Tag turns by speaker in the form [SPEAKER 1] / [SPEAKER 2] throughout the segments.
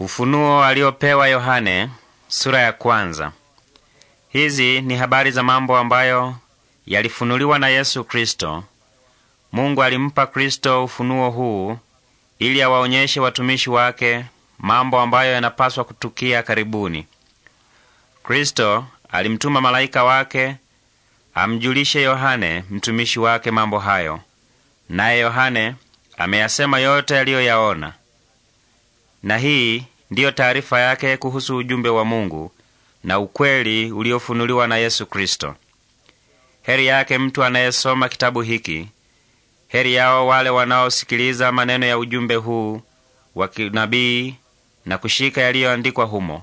[SPEAKER 1] Ufunuo aliopewa Yohane sura ya kwanza. Hizi ni habari za mambo ambayo yalifunuliwa na Yesu Kristo. Mungu alimpa Kristo ufunuo huu ili awaonyeshe watumishi wake mambo ambayo yanapaswa kutukia karibuni. Kristo alimtuma malaika wake amjulishe Yohane mtumishi wake mambo hayo, naye Yohane ameyasema yote aliyoyaona. Na hii ndiyo taarifa yake kuhusu ujumbe wa Mungu na ukweli uliofunuliwa na Yesu Kristo. Heri yake mtu anayesoma kitabu hiki. Heri yao wale wanaosikiliza maneno ya ujumbe huu wa kinabii na kushika yaliyoandikwa humo,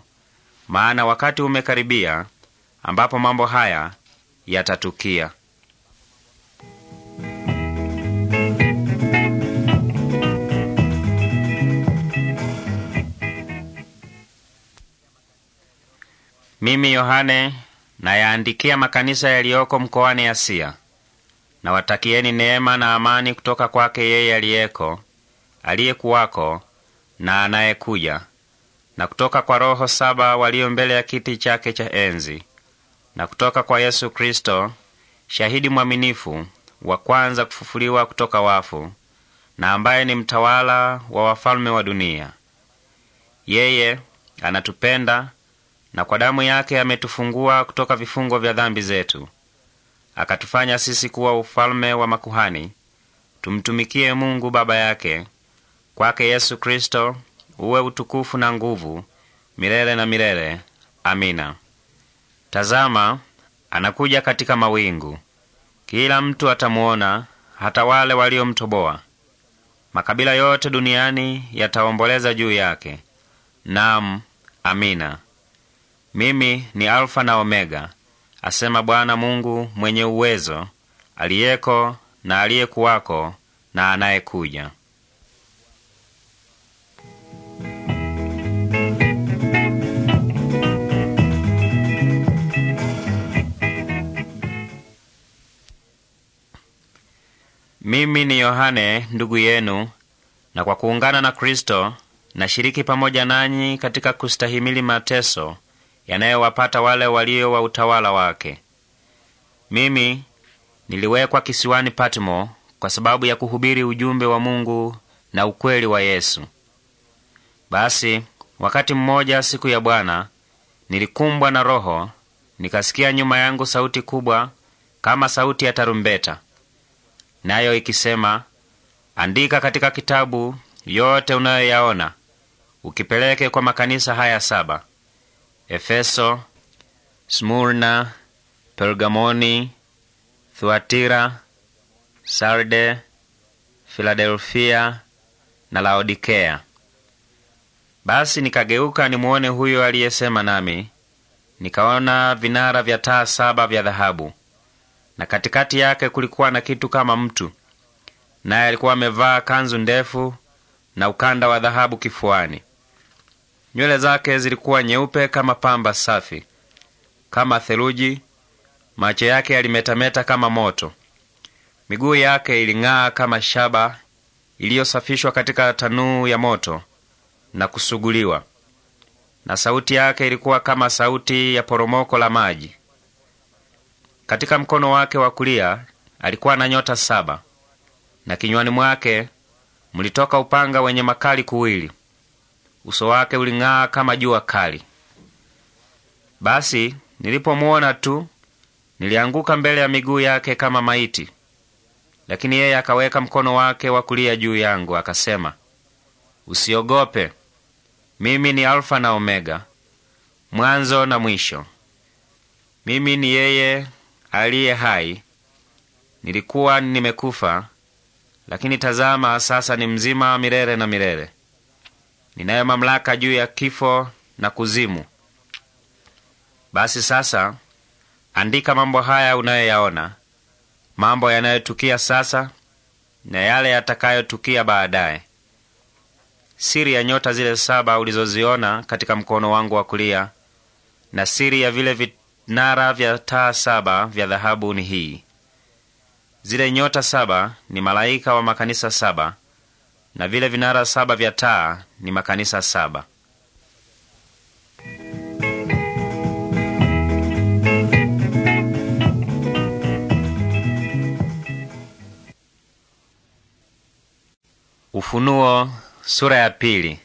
[SPEAKER 1] maana wakati umekaribia ambapo mambo haya yatatukia. Mimi Yohane nayaandikia makanisa yaliyoko mkoani Asia. Nawatakieni neema na amani kutoka kwake yeye aliyeko, aliyekuwako na anayekuja, na kutoka kwa Roho saba walio mbele ya kiti chake cha enzi, na kutoka kwa Yesu Kristo shahidi mwaminifu, wa kwanza kufufuliwa kutoka wafu, na ambaye ni mtawala wa wafalme wa dunia. Yeye anatupenda na kwa damu yake ametufungua kutoka vifungo vya dhambi zetu, akatufanya sisi kuwa ufalme wa makuhani, tumtumikie Mungu Baba yake. Kwake Yesu Kristo uwe utukufu na nguvu milele na milele. Amina. Tazama, anakuja katika mawingu. Kila mtu atamuona, hata wale waliomtoboa. Makabila yote duniani yataomboleza juu yake. Naam, amina. Mimi ni Alfa na Omega, asema Bwana Mungu mwenye uwezo, aliyeko na aliyekuwako na anayekuja. Mimi ni Yohane ndugu yenu, na kwa kuungana na Kristo nashiriki pamoja nanyi katika kustahimili mateso yanayowapata wale walio wa utawala wake. Mimi niliwekwa kisiwani Patmo kwa sababu ya kuhubiri ujumbe wa Mungu na ukweli wa Yesu. Basi wakati mmoja, siku ya Bwana, nilikumbwa na Roho, nikasikia nyuma yangu sauti kubwa kama sauti ya tarumbeta, nayo ikisema, andika katika kitabu yote unayoyaona, ukipeleke kwa makanisa haya saba: Efeso, Smurna, Pergamoni, Thuatira, Sarde, Filadelfia na Laodikea. Basi nikageuka nimuone huyo aliyesema nami, nikaona vinara vya taa saba vya dhahabu, na katikati yake kulikuwa na kitu kama mtu, naye alikuwa amevaa kanzu ndefu na ukanda wa dhahabu kifuani. Nywele zake zilikuwa nyeupe kama pamba safi, kama theluji. Macho yake yalimetameta kama moto. Miguu yake iling'aa kama shaba iliyosafishwa katika tanuu ya moto na kusuguliwa, na sauti yake ilikuwa kama sauti ya poromoko la maji. Katika mkono wake wa kulia alikuwa na nyota saba, na kinywani mwake mlitoka upanga wenye makali kuwili uso wake uling'aa kama jua kali. Basi nilipomuona tu nilianguka mbele ya miguu yake kama maiti, lakini yeye akaweka mkono wake wa kulia juu yangu, akasema, usiogope, mimi ni Alfa na Omega, mwanzo na mwisho. Mimi ni yeye aliye hai. Nilikuwa nimekufa, lakini tazama, sasa ni mzima milele na milele ninayo mamlaka juu ya kifo na kuzimu. Basi sasa andika mambo haya unayoyaona, mambo yanayotukia sasa na yale yatakayotukia baadaye. Siri ya nyota zile saba ulizoziona katika mkono wangu wa kulia na siri ya vile vinara vya taa saba vya dhahabu ni hii: zile nyota saba ni malaika wa makanisa saba na vile vinara saba vya taa ni makanisa saba. Ufunuo sura ya pili.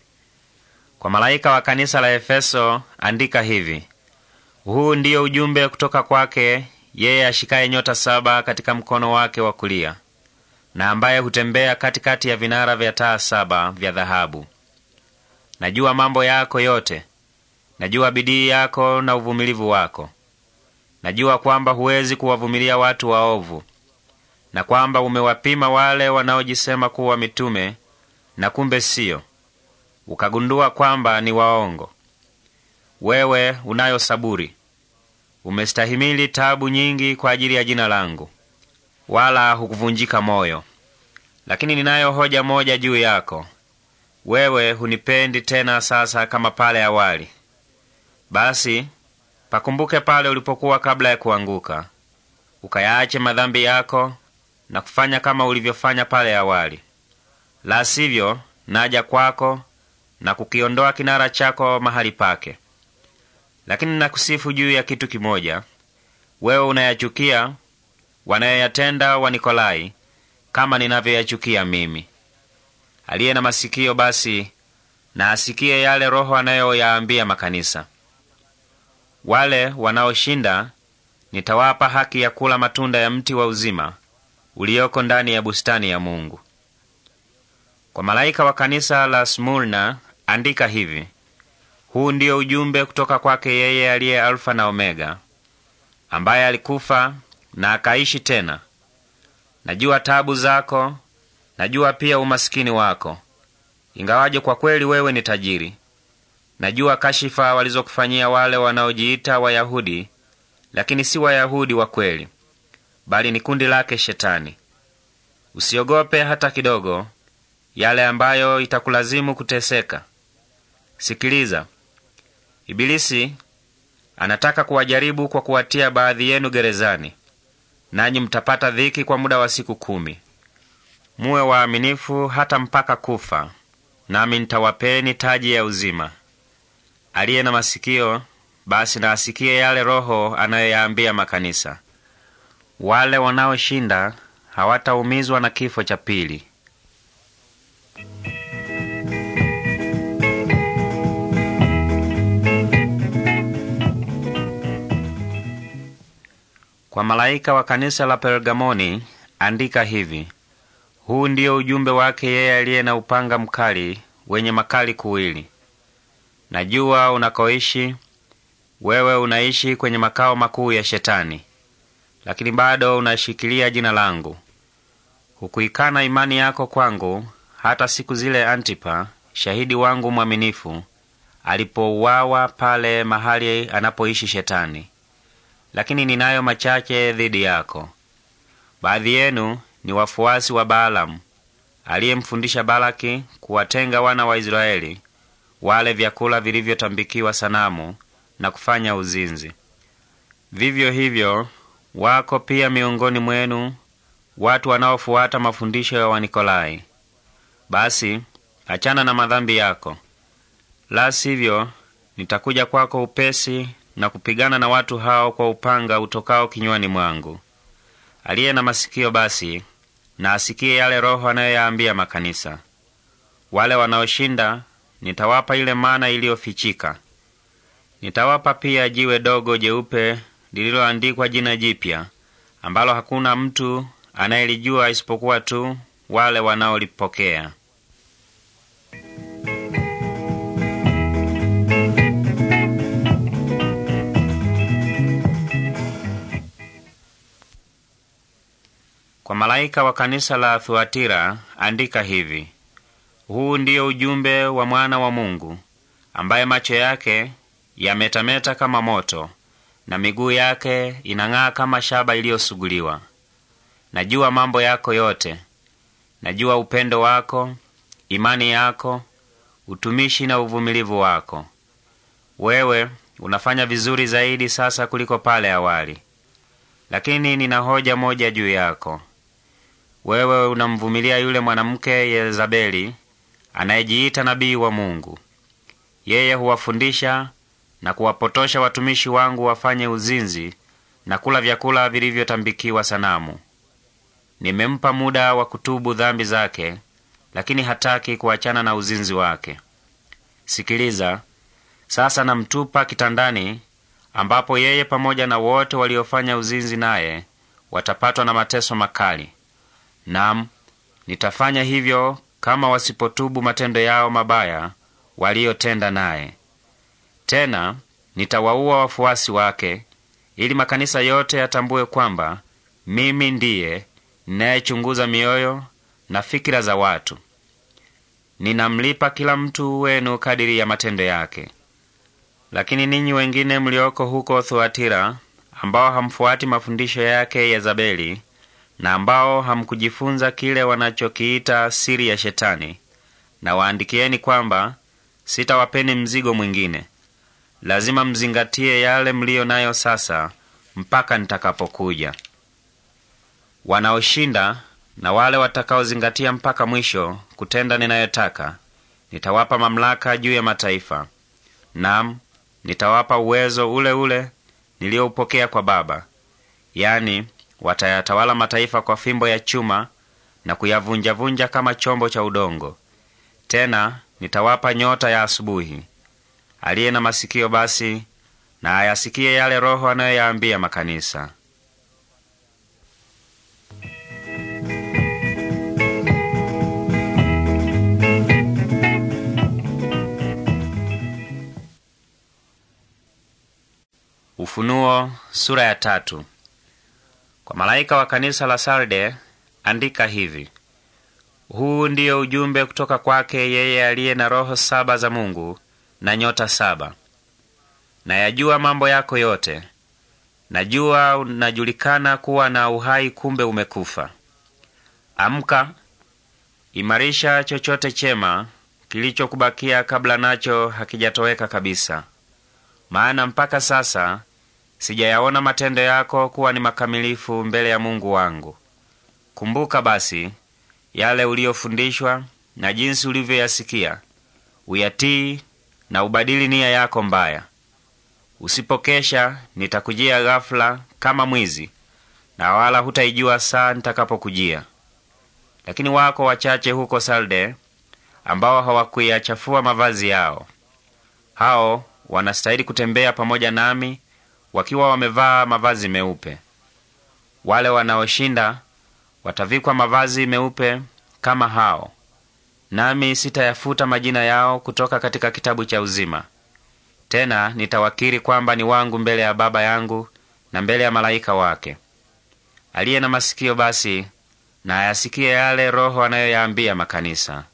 [SPEAKER 1] Kwa malaika wa kanisa la Efeso andika hivi: huu ndiyo ujumbe kutoka kwake yeye ashikaye nyota saba katika mkono wake wa kulia, na ambaye hutembea katikati ya vinara vya taa saba vya dhahabu. Najua mambo yako yote, najua bidii yako na uvumilivu wako. Najua kwamba huwezi kuwavumilia watu waovu, na kwamba umewapima wale wanaojisema kuwa mitume na kumbe siyo, ukagundua kwamba ni waongo. Wewe unayo saburi, umestahimili tabu nyingi kwa ajili ya jina langu wala hukuvunjika moyo. Lakini ninayo hoja moja juu yako, wewe hunipendi tena sasa kama pale awali. Basi pakumbuke pale ulipokuwa kabla ya kuanguka, ukayaache madhambi yako na kufanya kama ulivyofanya pale awali. La sivyo, naja kwako na kukiondoa kinara chako mahali pake. Lakini nakusifu juu ya kitu kimoja, wewe unayachukia wanayoyatenda Wanikolai kama ninavyoyachukia mimi. Aliye na masikio basi na asikie yale Roho anayoyaambia makanisa. Wale wanaoshinda nitawapa haki ya kula matunda ya mti wa uzima ulioko ndani ya bustani ya Mungu. Kwa malaika wa kanisa la Smurna andika hivi: huu ndiyo ujumbe kutoka kwake yeye aliye Alfa na Omega, ambaye alikufa na akaishi tena. Najua tabu zako, najua pia umasikini wako, ingawaje kwa kweli wewe ni tajiri. Najua kashifa walizokufanyia wale wanaojiita Wayahudi, lakini si Wayahudi wa kweli, bali ni kundi lake Shetani. Usiogope hata kidogo yale ambayo itakulazimu kuteseka. Sikiliza, Ibilisi anataka kuwajaribu kwa kuwatia baadhi yenu gerezani nanyi mtapata dhiki kwa muda wa siku kumi. Muwe waaminifu hata mpaka kufa, nami nitawapeni taji ya uzima. Aliye na masikio basi na asikie yale Roho anayoyaambia makanisa. Wale wanaoshinda hawataumizwa na kifo cha pili. Kwa malaika wa kanisa la Pergamoni andika hivi: huu ndiyo ujumbe wake yeye aliye na upanga mkali wenye makali kuwili. Najua unakoishi wewe, unaishi kwenye makao makuu ya Shetani, lakini bado unashikilia jina langu. Hukuikana imani yako kwangu, hata siku zile Antipa shahidi wangu mwaminifu alipouawa pale mahali anapoishi Shetani lakini ninayo machache dhidi yako. Baadhi yenu ni wafuasi wa Balamu aliyemfundisha Balaki kuwatenga wana wa Israeli wale vyakula vilivyotambikiwa sanamu na kufanya uzinzi. Vivyo hivyo wako pia miongoni mwenu watu wanaofuata mafundisho ya Wanikolai. Basi achana na madhambi yako, la sivyo nitakuja kwako upesi na kupigana na watu hao kwa upanga utokao kinywani mwangu. Aliye na masikio basi na asikie yale Roho anayoyaambia makanisa. Wale wanaoshinda nitawapa ile mana iliyofichika. Nitawapa pia jiwe dogo jeupe lililoandikwa jina jipya ambalo hakuna mtu anayelijua isipokuwa tu wale wanaolipokea. malaika wa kanisa la Thuatira andika hivi: huu ndiyo ujumbe wa mwana wa Mungu ambaye macho yake yametameta kama moto na miguu yake inang'aa kama shaba iliyosuguliwa. Najua mambo yako yote, najua upendo wako, imani yako, utumishi na uvumilivu wako. Wewe unafanya vizuri zaidi sasa kuliko pale awali, lakini nina hoja moja juu yako wewe unamvumilia yule mwanamke Yezabeli anayejiita nabii wa Mungu. Yeye huwafundisha na kuwapotosha watumishi wangu wafanye uzinzi na kula vyakula vilivyotambikiwa sanamu. Nimempa muda wa kutubu dhambi zake, lakini hataki kuachana na uzinzi wake. Sikiliza sasa, namtupa kitandani, ambapo yeye pamoja na wote waliofanya uzinzi naye watapatwa na mateso makali. Naam, nitafanya hivyo kama wasipotubu matendo yao mabaya waliyotenda naye. Tena nitawaua wafuasi wake, ili makanisa yote yatambue kwamba mimi ndiye ninayechunguza mioyo na fikira za watu. Ninamlipa kila mtu wenu kadiri ya matendo yake. Lakini ninyi wengine mlioko huko Thuatira, ambao hamfuati mafundisho yake Yezabeli, na ambao hamkujifunza kile wanachokiita siri ya Shetani, na waandikieni kwamba sitawapeni mzigo mwingine. Lazima mzingatie yale mliyo nayo sasa mpaka nitakapokuja. Wanaoshinda na wale watakaozingatia mpaka mwisho kutenda ninayotaka, nitawapa mamlaka juu ya mataifa. Naam, nitawapa uwezo ule ule nilioupokea kwa Baba, yani watayatawala mataifa kwa fimbo ya chuma na kuyavunjavunja kama chombo cha udongo. Tena nitawapa nyota ya asubuhi. Aliye na masikio basi na ayasikie yale Roho anayoyaambia makanisa. Ufunuo sura ya tatu. Kwa malaika wa kanisa la Sarde andika hivi: huu ndiyo ujumbe kutoka kwake yeye aliye na roho saba za Mungu na nyota saba. Nayajua mambo yako yote, najua unajulikana kuwa na uhai, kumbe umekufa. Amka, imarisha chochote chema kilichokubakia kabla nacho hakijatoweka kabisa, maana mpaka sasa sijayaona matendo yako kuwa ni makamilifu mbele ya Mungu wangu. Kumbuka basi yale uliyofundishwa na jinsi ulivyoyasikia, uyatii na ubadili nia yako mbaya. Usipokesha, nitakujia ghafula kama mwizi, na wala hutaijua saa nitakapokujia. Lakini wako wachache huko Salde ambao hawakuyachafua mavazi yao, hao wanastahili kutembea pamoja nami wakiwa wamevaa mavazi meupe. Wale wanaoshinda watavikwa mavazi meupe kama hao, nami sitayafuta majina yao kutoka katika kitabu cha uzima. Tena nitawakiri kwamba ni wangu mbele ya Baba yangu na mbele ya malaika wake. Aliye na masikio basi na ayasikie yale Roho anayoyaambia makanisa.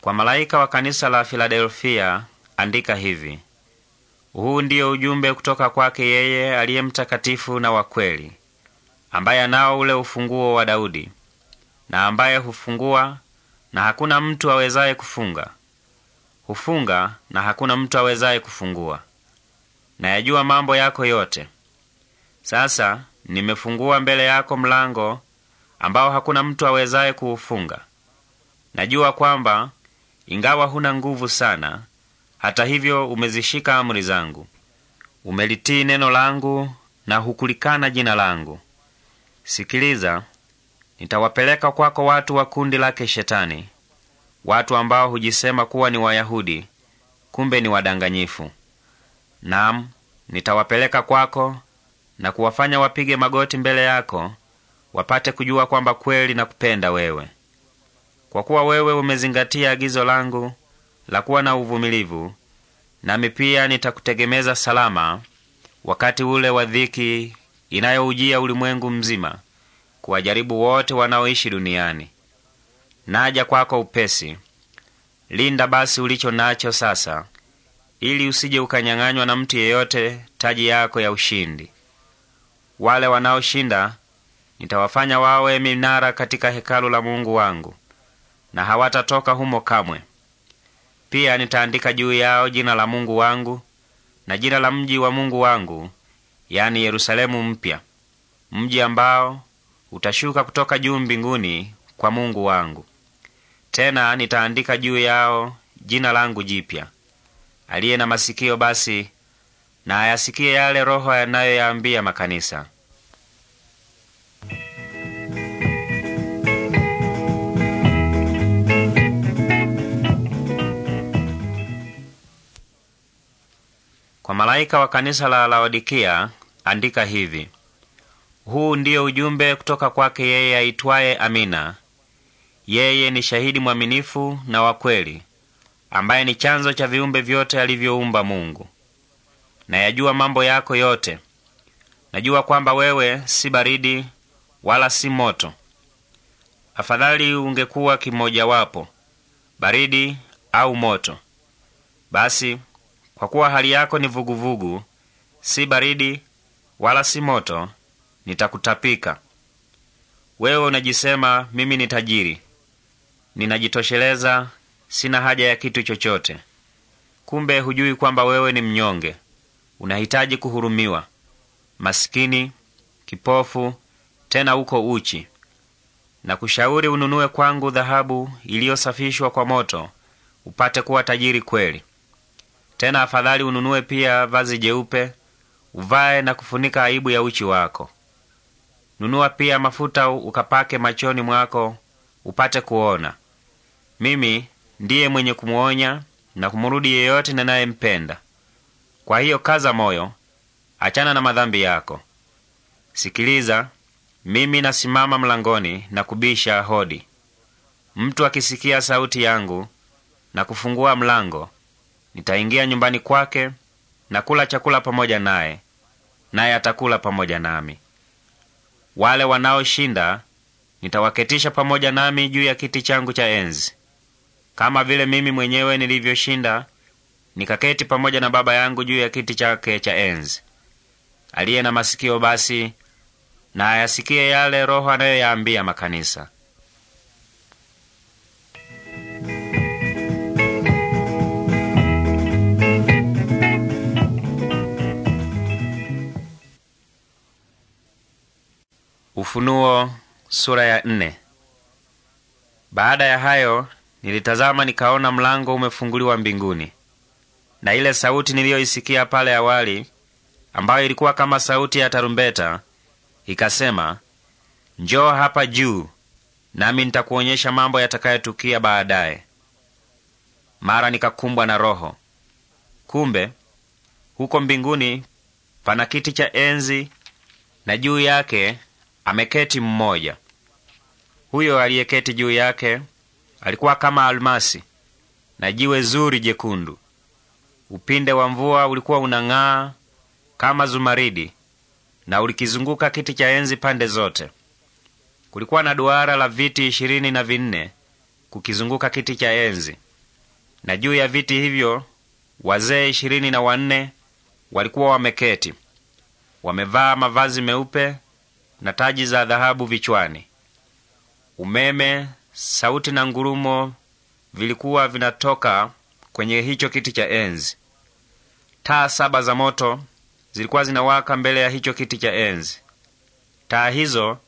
[SPEAKER 1] Kwa malaika wa kanisa la Filadelfia andika hivi: huu ndiyo ujumbe kutoka kwake yeye aliye mtakatifu na wakweli ambaye anao ule ufunguo wa Daudi, na ambaye hufungua na hakuna mtu awezaye kufunga, hufunga na hakuna mtu awezaye kufungua. Nayajua mambo yako yote. Sasa nimefungua mbele yako mlango ambao hakuna mtu awezaye kuufunga. Najua kwamba ingawa huna nguvu sana, hata hivyo umezishika amri zangu, umelitii neno langu na hukulikana jina langu. Sikiliza, nitawapeleka kwako watu wa kundi lake Shetani, watu ambao hujisema kuwa ni Wayahudi, kumbe ni wadanganyifu. Naam, nitawapeleka kwako na kuwafanya wapige magoti mbele yako, wapate kujua kwamba kweli na kupenda wewe. Kwa kuwa wewe umezingatia agizo langu la kuwa na uvumilivu, nami pia nitakutegemeza salama wakati ule wa dhiki inayoujia ulimwengu mzima kuwajaribu wote wanaoishi duniani. Naja kwako upesi. Linda basi ulicho nacho sasa, ili usije ukanyang'anywa na mtu yeyote taji yako ya ushindi. Wale wanaoshinda nitawafanya wawe minara katika hekalu la Mungu wangu, na hawatatoka humo kamwe. Pia nitaandika juu yao jina la Mungu wangu na jina la mji wa Mungu wangu, yani Yerusalemu mpya, mji ambao utashuka kutoka juu mbinguni kwa Mungu wangu. Tena nitaandika juu yao jina langu jipya. Aliye na masikio basi na ayasikie yale Roho yanayoyaambia makanisa. Kwa malaika wa kanisa la Laodikia andika hivi: huu ndiyo ujumbe kutoka kwake yeye aitwaye Amina. Yeye ni shahidi mwaminifu na wa kweli, ambaye ni chanzo cha viumbe vyote alivyoumba Mungu. Nayajua mambo yako yote. Najua kwamba wewe si baridi wala si moto. Afadhali ungekuwa kimojawapo, baridi au moto. Basi kwa kuwa hali yako ni vuguvugu vugu, si baridi wala si moto, nitakutapika wewe. Unajisema mimi ni tajiri, ninajitosheleza, sina haja ya kitu chochote. Kumbe hujui kwamba wewe ni mnyonge, unahitaji kuhurumiwa, masikini kipofu, tena uko uchi. Na kushauri ununue kwangu dhahabu iliyosafishwa kwa moto, upate kuwa tajiri kweli. Tena afadhali ununue pia vazi jeupe, uvae na kufunika aibu ya uchi wako. Nunua pia mafuta ukapake machoni mwako, upate kuona. Mimi ndiye mwenye kumwonya na kumrudi yeyote ninayempenda. Kwa hiyo kaza moyo, achana na madhambi yako. Sikiliza, mimi nasimama mlangoni na kubisha hodi. Mtu akisikia sauti yangu na kufungua mlango Nitaingia nyumbani kwake na kula chakula pamoja naye, naye atakula pamoja nami. Wale wanaoshinda nitawaketisha pamoja nami juu ya kiti changu cha enzi, kama vile mimi mwenyewe nilivyoshinda nikaketi pamoja na Baba yangu juu ya kiti chake cha enzi. Aliye na masikio basi na ayasikie yale Roho anayoyaambia makanisa. Ufunuo sura ya nne. Baada ya hayo nilitazama nikaona mlango umefunguliwa mbinguni, na ile sauti niliyoisikia pale awali, ambayo ilikuwa kama sauti ya tarumbeta, ikasema, njoo hapa juu, nami nitakuonyesha mambo yatakayotukia baadaye. Mara nikakumbwa na Roho. Kumbe huko mbinguni pana kiti cha enzi na juu yake ameketi mmoja. Huyo aliyeketi juu yake alikuwa kama almasi na jiwe zuri jekundu. Upinde wa mvua ulikuwa unang'aa kama zumaridi na ulikizunguka kiti cha enzi pande zote. Kulikuwa na duara la viti ishirini na vinne kukizunguka kiti cha enzi, na juu ya viti hivyo wazee ishirini na wanne walikuwa wameketi, wamevaa mavazi meupe na taji za dhahabu vichwani. Umeme, sauti na ngurumo vilikuwa vinatoka kwenye hicho kiti cha enzi. Taa saba za moto zilikuwa zinawaka mbele ya hicho kiti cha enzi. Taa hizo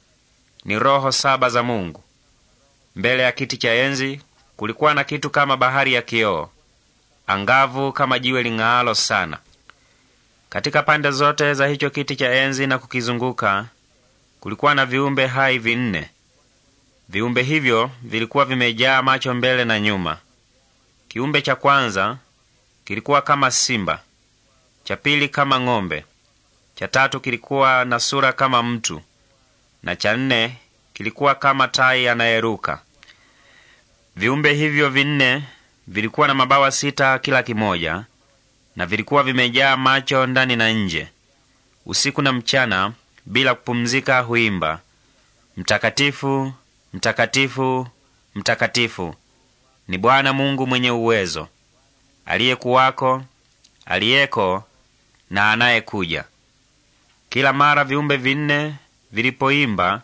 [SPEAKER 1] ni roho saba za Mungu. Mbele ya kiti cha enzi kulikuwa na kitu kama bahari ya kioo angavu kama jiwe ling'aalo sana. Katika pande zote za hicho kiti cha enzi na kukizunguka kulikuwa na viumbe hai vinne. Viumbe hivyo vilikuwa vimejaa macho mbele na nyuma. Kiumbe cha kwanza kilikuwa kama simba, cha pili kama ng'ombe, cha tatu kilikuwa na sura kama mtu, na cha nne kilikuwa kama tai anayeruka. Viumbe hivyo vinne vilikuwa na mabawa sita kila kimoja, na vilikuwa vimejaa macho ndani na nje. Usiku na mchana bila kupumzika huimba, mtakatifu, mtakatifu, mtakatifu ni Bwana Mungu mwenye uwezo, aliyekuwako, aliyeko na anayekuja. Kila mara viumbe vinne vilipoimba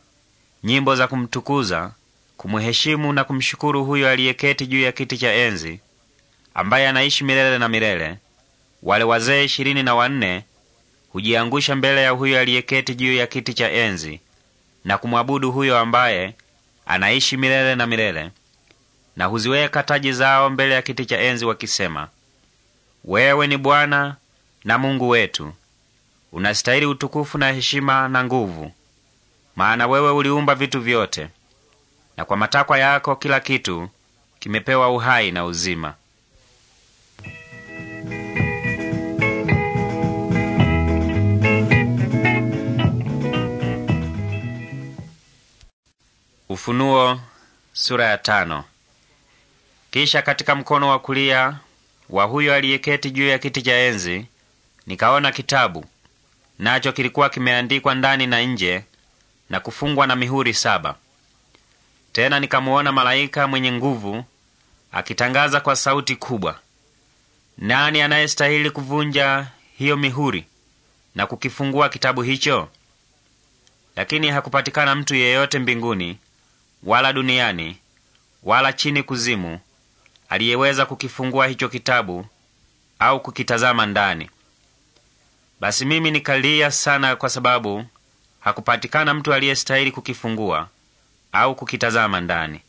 [SPEAKER 1] nyimbo za kumtukuza, kumheshimu na kumshukuru huyo aliyeketi juu ya kiti cha enzi, ambaye anaishi milele na milele, wale wazee ishirini na wanne hujiangusha mbele ya huyo aliyeketi juu ya kiti cha enzi na kumwabudu huyo ambaye anaishi milele na milele, na huziweka taji zao mbele ya kiti cha enzi wakisema, wewe ni Bwana na Mungu wetu, unastahili utukufu na heshima na nguvu, maana wewe uliumba vitu vyote, na kwa matakwa yako kila kitu kimepewa uhai na uzima. Ufunuo sura ya tano. Kisha katika mkono wa kulia wa huyo aliyeketi juu ya kiti cha enzi nikaona kitabu, nacho kilikuwa kimeandikwa ndani na nje na kufungwa na mihuri saba. Tena nikamuona malaika mwenye nguvu akitangaza kwa sauti kubwa, nani anayestahili kuvunja hiyo mihuri na kukifungua kitabu hicho? Lakini hakupatikana mtu yeyote mbinguni wala duniani wala chini kuzimu aliyeweza kukifungua hicho kitabu au kukitazama ndani. Basi mimi nikalia sana, kwa sababu hakupatikana mtu aliyestahili kukifungua au kukitazama ndani.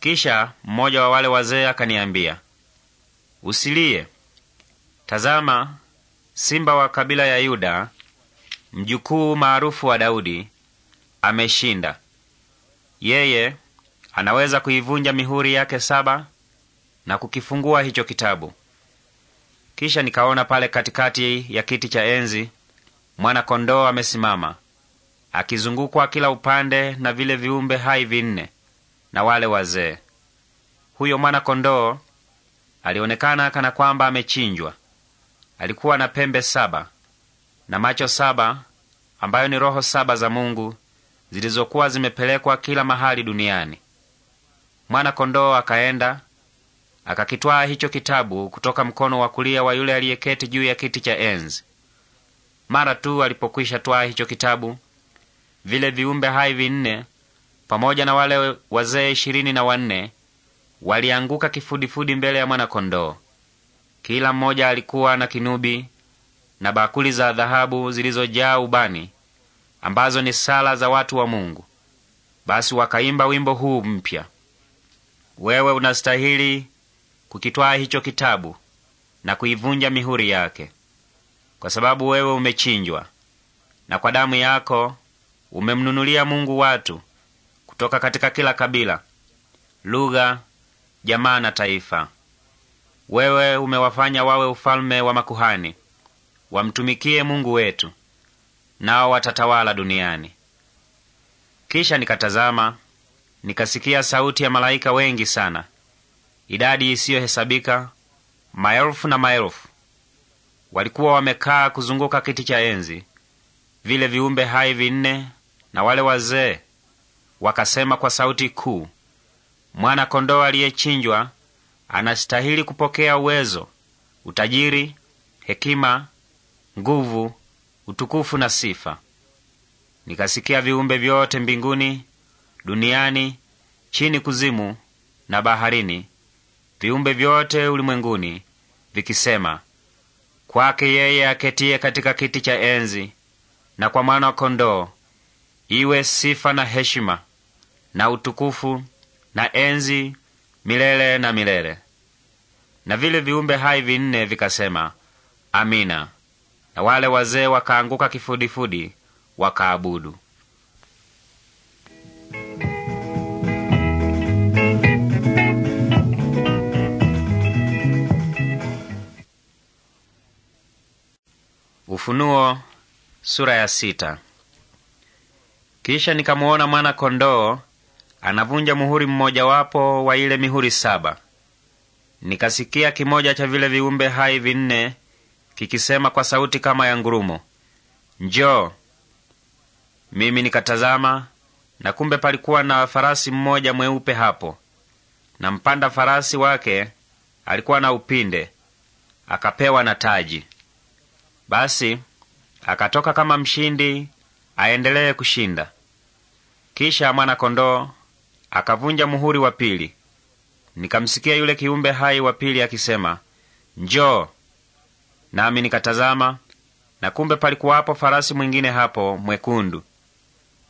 [SPEAKER 1] Kisha mmoja wa wale wazee akaniambia, usilie. Tazama, simba wa kabila ya Yuda, mjukuu maarufu wa Daudi, ameshinda yeye anaweza kuivunja mihuri yake saba na kukifungua hicho kitabu. Kisha nikaona pale katikati ya kiti cha enzi mwana-kondoo amesimama akizungukwa kila upande na vile viumbe hai vinne na wale wazee. Huyo mwana-kondoo alionekana kana kwamba amechinjwa. Alikuwa na pembe saba na macho saba ambayo ni roho saba za Mungu zilizokuwa zimepelekwa kila mahali duniani. Mwana-kondoo akaenda akakitwaa hicho kitabu kutoka mkono wa kulia wa yule aliyeketi juu ya kiti cha enzi. Mara tu alipokwisha twaa hicho kitabu, vile viumbe hai vinne pamoja na wale wazee ishirini na wanne walianguka kifudifudi mbele ya mwana-kondoo. Kila mmoja alikuwa na kinubi na bakuli za dhahabu zilizojaa ubani ambazo ni sala za watu wa Mungu. Basi wakaimba wimbo huu mpya: wewe unastahili kukitwaa hicho kitabu na kuivunja mihuri yake, kwa sababu wewe umechinjwa, na kwa damu yako umemnunulia Mungu watu kutoka katika kila kabila, lugha, jamaa na taifa. Wewe umewafanya wawe ufalme wa makuhani, wamtumikie Mungu wetu nao watatawala duniani. Kisha nikatazama, nikasikia sauti ya malaika wengi sana, idadi isiyohesabika, maelfu na maelfu. Walikuwa wamekaa kuzunguka kiti cha enzi, vile viumbe hai vinne na wale wazee. Wakasema kwa sauti kuu, mwana kondoo aliyechinjwa anastahili kupokea uwezo, utajiri, hekima, nguvu utukufu na sifa. Nikasikia viumbe vyote mbinguni, duniani, chini kuzimu na baharini, viumbe vyote ulimwenguni vikisema, kwake yeye aketiye katika kiti cha enzi na kwa mwana wa kondoo iwe sifa na heshima na utukufu na enzi milele na milele. Na vile viumbe hai vinne vikasema, Amina na wale wazee wakaanguka kifudifudi wakaabudu. Ufunuo sura ya sita. Kisha nikamuona mwana kondoo anavunja muhuri mmojawapo wa ile mihuri saba. Nikasikia kimoja cha vile viumbe hai vinne kikisema kwa sauti kama ya ngurumo, njoo. Mimi nikatazama, na kumbe palikuwa na farasi mmoja mweupe hapo, na mpanda farasi wake alikuwa na upinde, akapewa na taji. Basi akatoka kama mshindi aendelee kushinda. Kisha mwana-kondoo akavunja muhuri wa pili. Nikamsikia yule kiumbe hai wa pili akisema, njoo. Nami nikatazama, na kumbe palikuwapo farasi mwingine hapo mwekundu.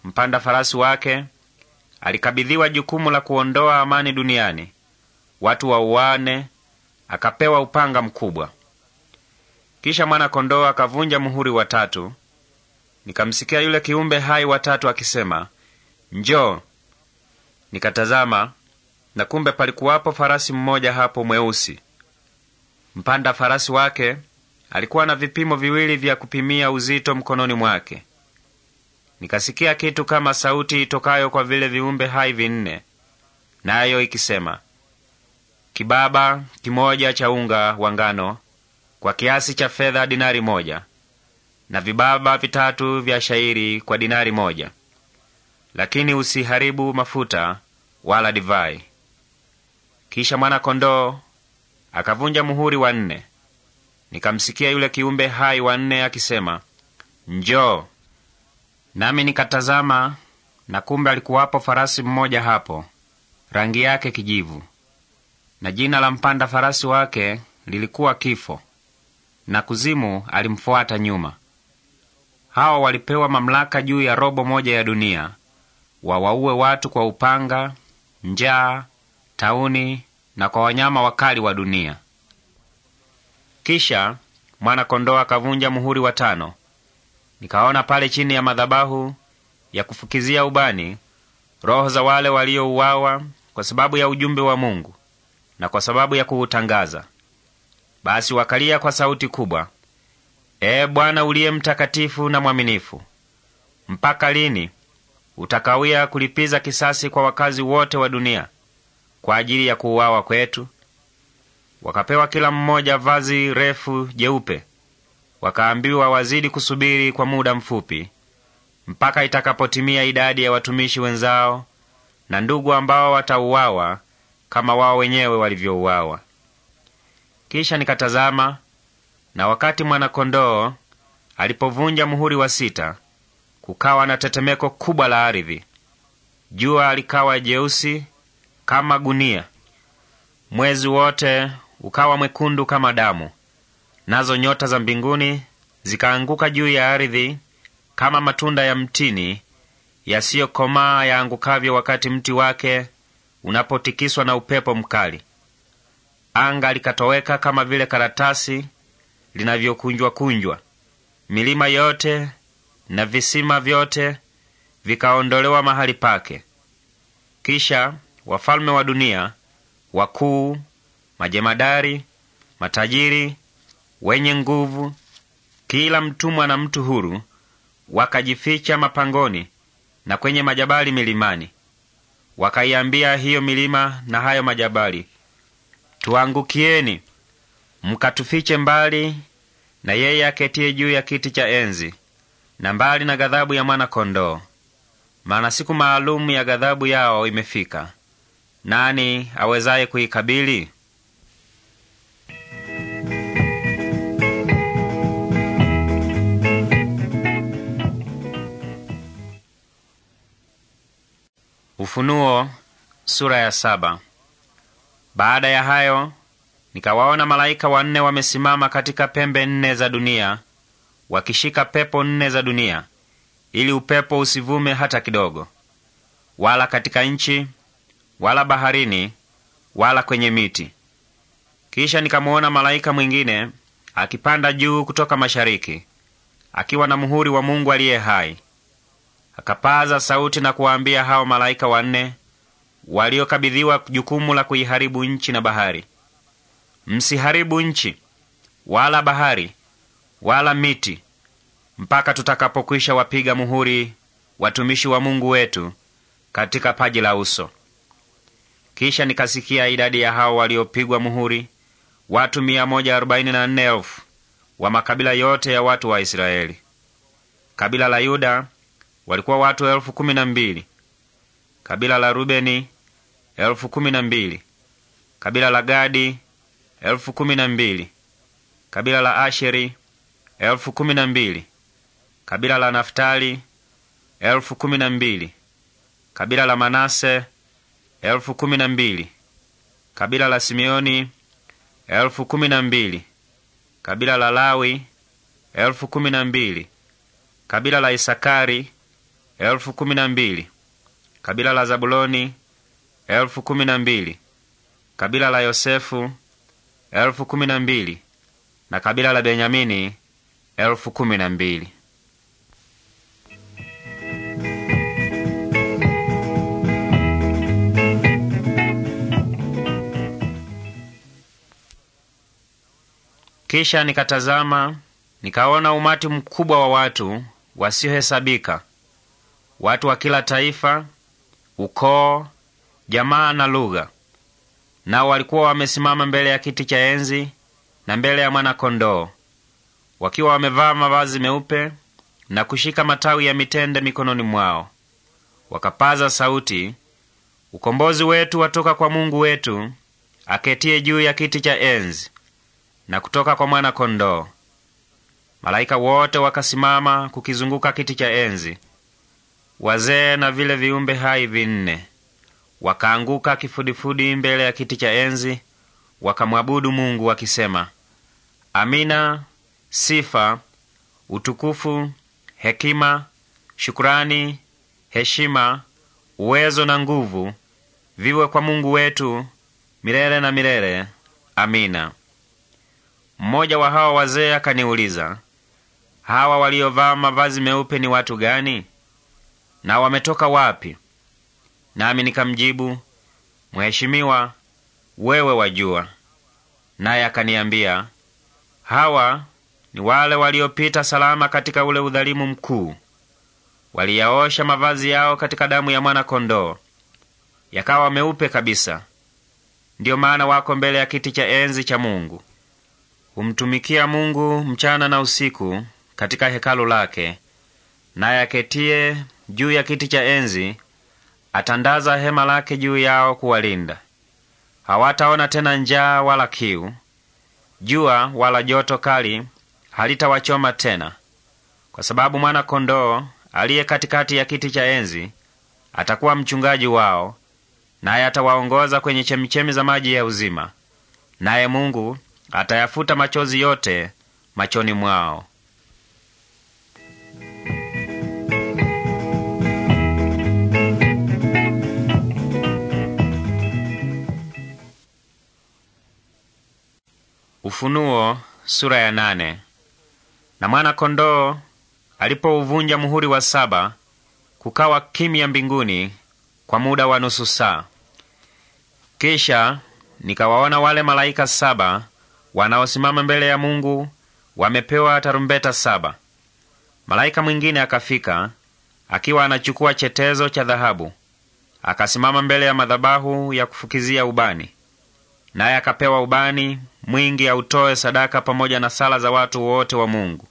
[SPEAKER 1] Mpanda farasi wake alikabidhiwa jukumu la kuondoa amani duniani, watu wauane, akapewa upanga mkubwa. Kisha mwana-kondoo akavunja muhuri wa tatu. Nikamsikia yule kiumbe hai watatu akisema, Njoo! Nikatazama, na kumbe palikuwapo farasi mmoja hapo mweusi. Mpanda farasi wake Alikuwa na vipimo viwili vya kupimia uzito mkononi mwake. Nikasikia kitu kama sauti itokayo kwa vile viumbe hai vinne, nayo ikisema, kibaba kimoja cha unga wa ngano kwa kiasi cha fedha dinari moja, na vibaba vitatu vya shairi kwa dinari moja, lakini usiharibu mafuta wala divai. Kisha mwana kondoo akavunja muhuri wa nne. Nikamsikia yule kiumbe hai wa nne akisema, Njoo. Nami nikatazama, na kumbe alikuwapo farasi mmoja hapo, rangi yake kijivu, na jina la mpanda farasi wake lilikuwa Kifo, na Kuzimu alimfuata nyuma. Hawa walipewa mamlaka juu ya robo moja ya dunia, wawaue watu kwa upanga, njaa, tauni na kwa wanyama wakali wa dunia. Kisha mwana-kondoo akavunja muhuri wa tano. Nikaona pale chini ya madhabahu ya kufukizia ubani roho za wale waliouawa kwa sababu ya ujumbe wa Mungu na kwa sababu ya kuutangaza. Basi wakalia kwa sauti kubwa, Ee Bwana uliye mtakatifu na mwaminifu, mpaka lini utakawia kulipiza kisasi kwa wakazi wote wa dunia kwa ajili ya kuuawa kwetu? Wakapewa kila mmoja vazi refu jeupe, wakaambiwa wazidi kusubiri kwa muda mfupi, mpaka itakapotimia idadi ya watumishi wenzao na ndugu ambao watauawa kama wao wenyewe walivyouawa. Kisha nikatazama, na wakati mwanakondoo alipovunja muhuri wa sita, kukawa na tetemeko kubwa la ardhi. Jua likawa jeusi kama gunia, mwezi wote ukawa mwekundu kama damu, nazo nyota za mbinguni zikaanguka juu ya ardhi kama matunda ya mtini yasiyokomaa yaangukavyo wakati mti wake unapotikiswa na upepo mkali. Anga likatoweka kama vile karatasi linavyokunjwa-kunjwa. Milima yote na visima vyote vikaondolewa mahali pake. Kisha wafalme wa dunia, wakuu, majemadari, matajiri, wenye nguvu, kila mtumwa na mtu huru, wakajificha mapangoni na kwenye majabali milimani. Wakaiambia hiyo milima na hayo majabali, tuangukieni, mkatufiche mbali na yeye aketie juu ya kiti cha enzi, na mbali na ghadhabu ya mwana-kondoo, maana siku maalumu ya ghadhabu yao imefika. Nani awezaye kuikabili? Ufunuo sura ya saba. Baada ya hayo nikawaona malaika wanne wamesimama katika pembe nne za dunia wakishika pepo nne za dunia ili upepo usivume hata kidogo, wala katika nchi, wala baharini, wala kwenye miti. Kisha nikamuona malaika mwingine akipanda juu kutoka mashariki, akiwa na muhuri wa Mungu aliye hai akapaza sauti na kuwaambia hao malaika wanne waliokabidhiwa jukumu la kuiharibu nchi na bahari, msiharibu nchi wala bahari wala miti mpaka tutakapokwisha wapiga muhuri watumishi wa Mungu wetu katika paji la uso. Kisha nikasikia idadi ya hao waliopigwa muhuri, watu mia moja arobaini na nne elfu wa makabila yote ya watu wa Israeli. Kabila la Yuda walikuwa watu elfu kumi na mbili. Kabila la Rubeni elfu kumi na mbili. Kabila la Gadi elfu kumi na mbili. Kabila la Asheri elfu kumi na mbili. Kabila la Naftali elfu kumi na mbili. Kabila la Manase elfu kumi na mbili. Kabila la Simeoni elfu kumi na mbili. Kabila la Lawi elfu kumi na mbili. Kabila la Isakari elfu kumi na mbili kabila la Zabuloni elfu kumi na mbili kabila la Yosefu elfu kumi na mbili na kabila la Benyamini elfu kumi na mbili. Kisha nikatazama nikaona umati mkubwa wa watu wasiohesabika watu wa kila taifa, ukoo, jamaa na lugha. Nao walikuwa wamesimama mbele ya kiti cha enzi na mbele ya Mwana-Kondoo, wakiwa wamevaa mavazi meupe na kushika matawi ya mitende mikononi mwao. Wakapaza sauti, ukombozi wetu watoka kwa Mungu wetu aketie juu ya kiti cha enzi na kutoka kwa Mwana-Kondoo. Malaika wote wakasimama kukizunguka kiti cha enzi. Wazee na vile viumbe hai vinne wakaanguka kifudifudi mbele ya kiti cha enzi, wakamwabudu Mungu wakisema, Amina, sifa, utukufu, hekima, shukurani, heshima, uwezo na nguvu viwe kwa Mungu wetu milele na milele. Amina. Mmoja wa hawa wazee akaniuliza, hawa waliovaa mavazi meupe ni watu gani? na wametoka wapi? Nami nikamjibu, Mheshimiwa, wewe wajua. Naye akaniambia, hawa ni wale waliopita salama katika ule udhalimu mkuu. Waliyaosha mavazi yao katika damu ya mwana-kondoo, yakawa meupe kabisa. Ndiyo maana wako mbele ya kiti cha enzi cha Mungu. Humtumikia Mungu mchana na usiku katika hekalu lake, naye aketiye juu ya kiti cha enzi, atandaza hema lake juu yao kuwalinda. Hawataona tena njaa wala kiu, jua wala joto kali halitawachoma tena, kwa sababu mwana-kondoo aliye katikati ya kiti cha enzi atakuwa mchungaji wao, naye atawaongoza kwenye chemichemi za maji ya uzima, naye Mungu atayafuta machozi yote machoni mwao. Ufunuo sura ya nane. Na mwana-kondoo alipouvunja muhuri wa saba, kukawa kimya mbinguni kwa muda wa nusu saa. Kisha nikawaona wale malaika saba wanaosimama mbele ya Mungu wamepewa tarumbeta saba. Malaika mwingine akafika akiwa anachukua chetezo cha dhahabu, akasimama mbele ya madhabahu ya kufukizia ubani, naye akapewa ubani mwingi autoe sadaka pamoja na sala za watu wote wa Mungu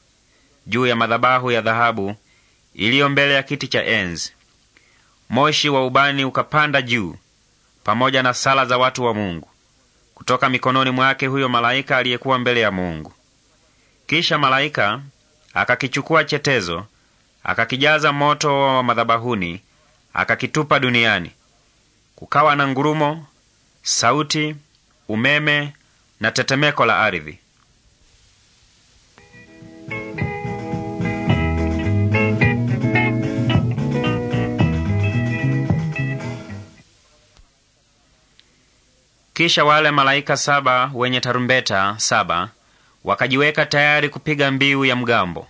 [SPEAKER 1] juu ya madhabahu ya dhahabu iliyo mbele ya kiti cha enzi. Moshi wa ubani ukapanda juu pamoja na sala za watu wa Mungu kutoka mikononi mwake huyo malaika aliyekuwa mbele ya Mungu. Kisha malaika akakichukua chetezo, akakijaza moto wa madhabahuni, akakitupa duniani. Kukawa na ngurumo, sauti, umeme na tetemeko la ardhi. Kisha wale malaika saba wenye tarumbeta saba wakajiweka tayari kupiga mbiu ya mgambo.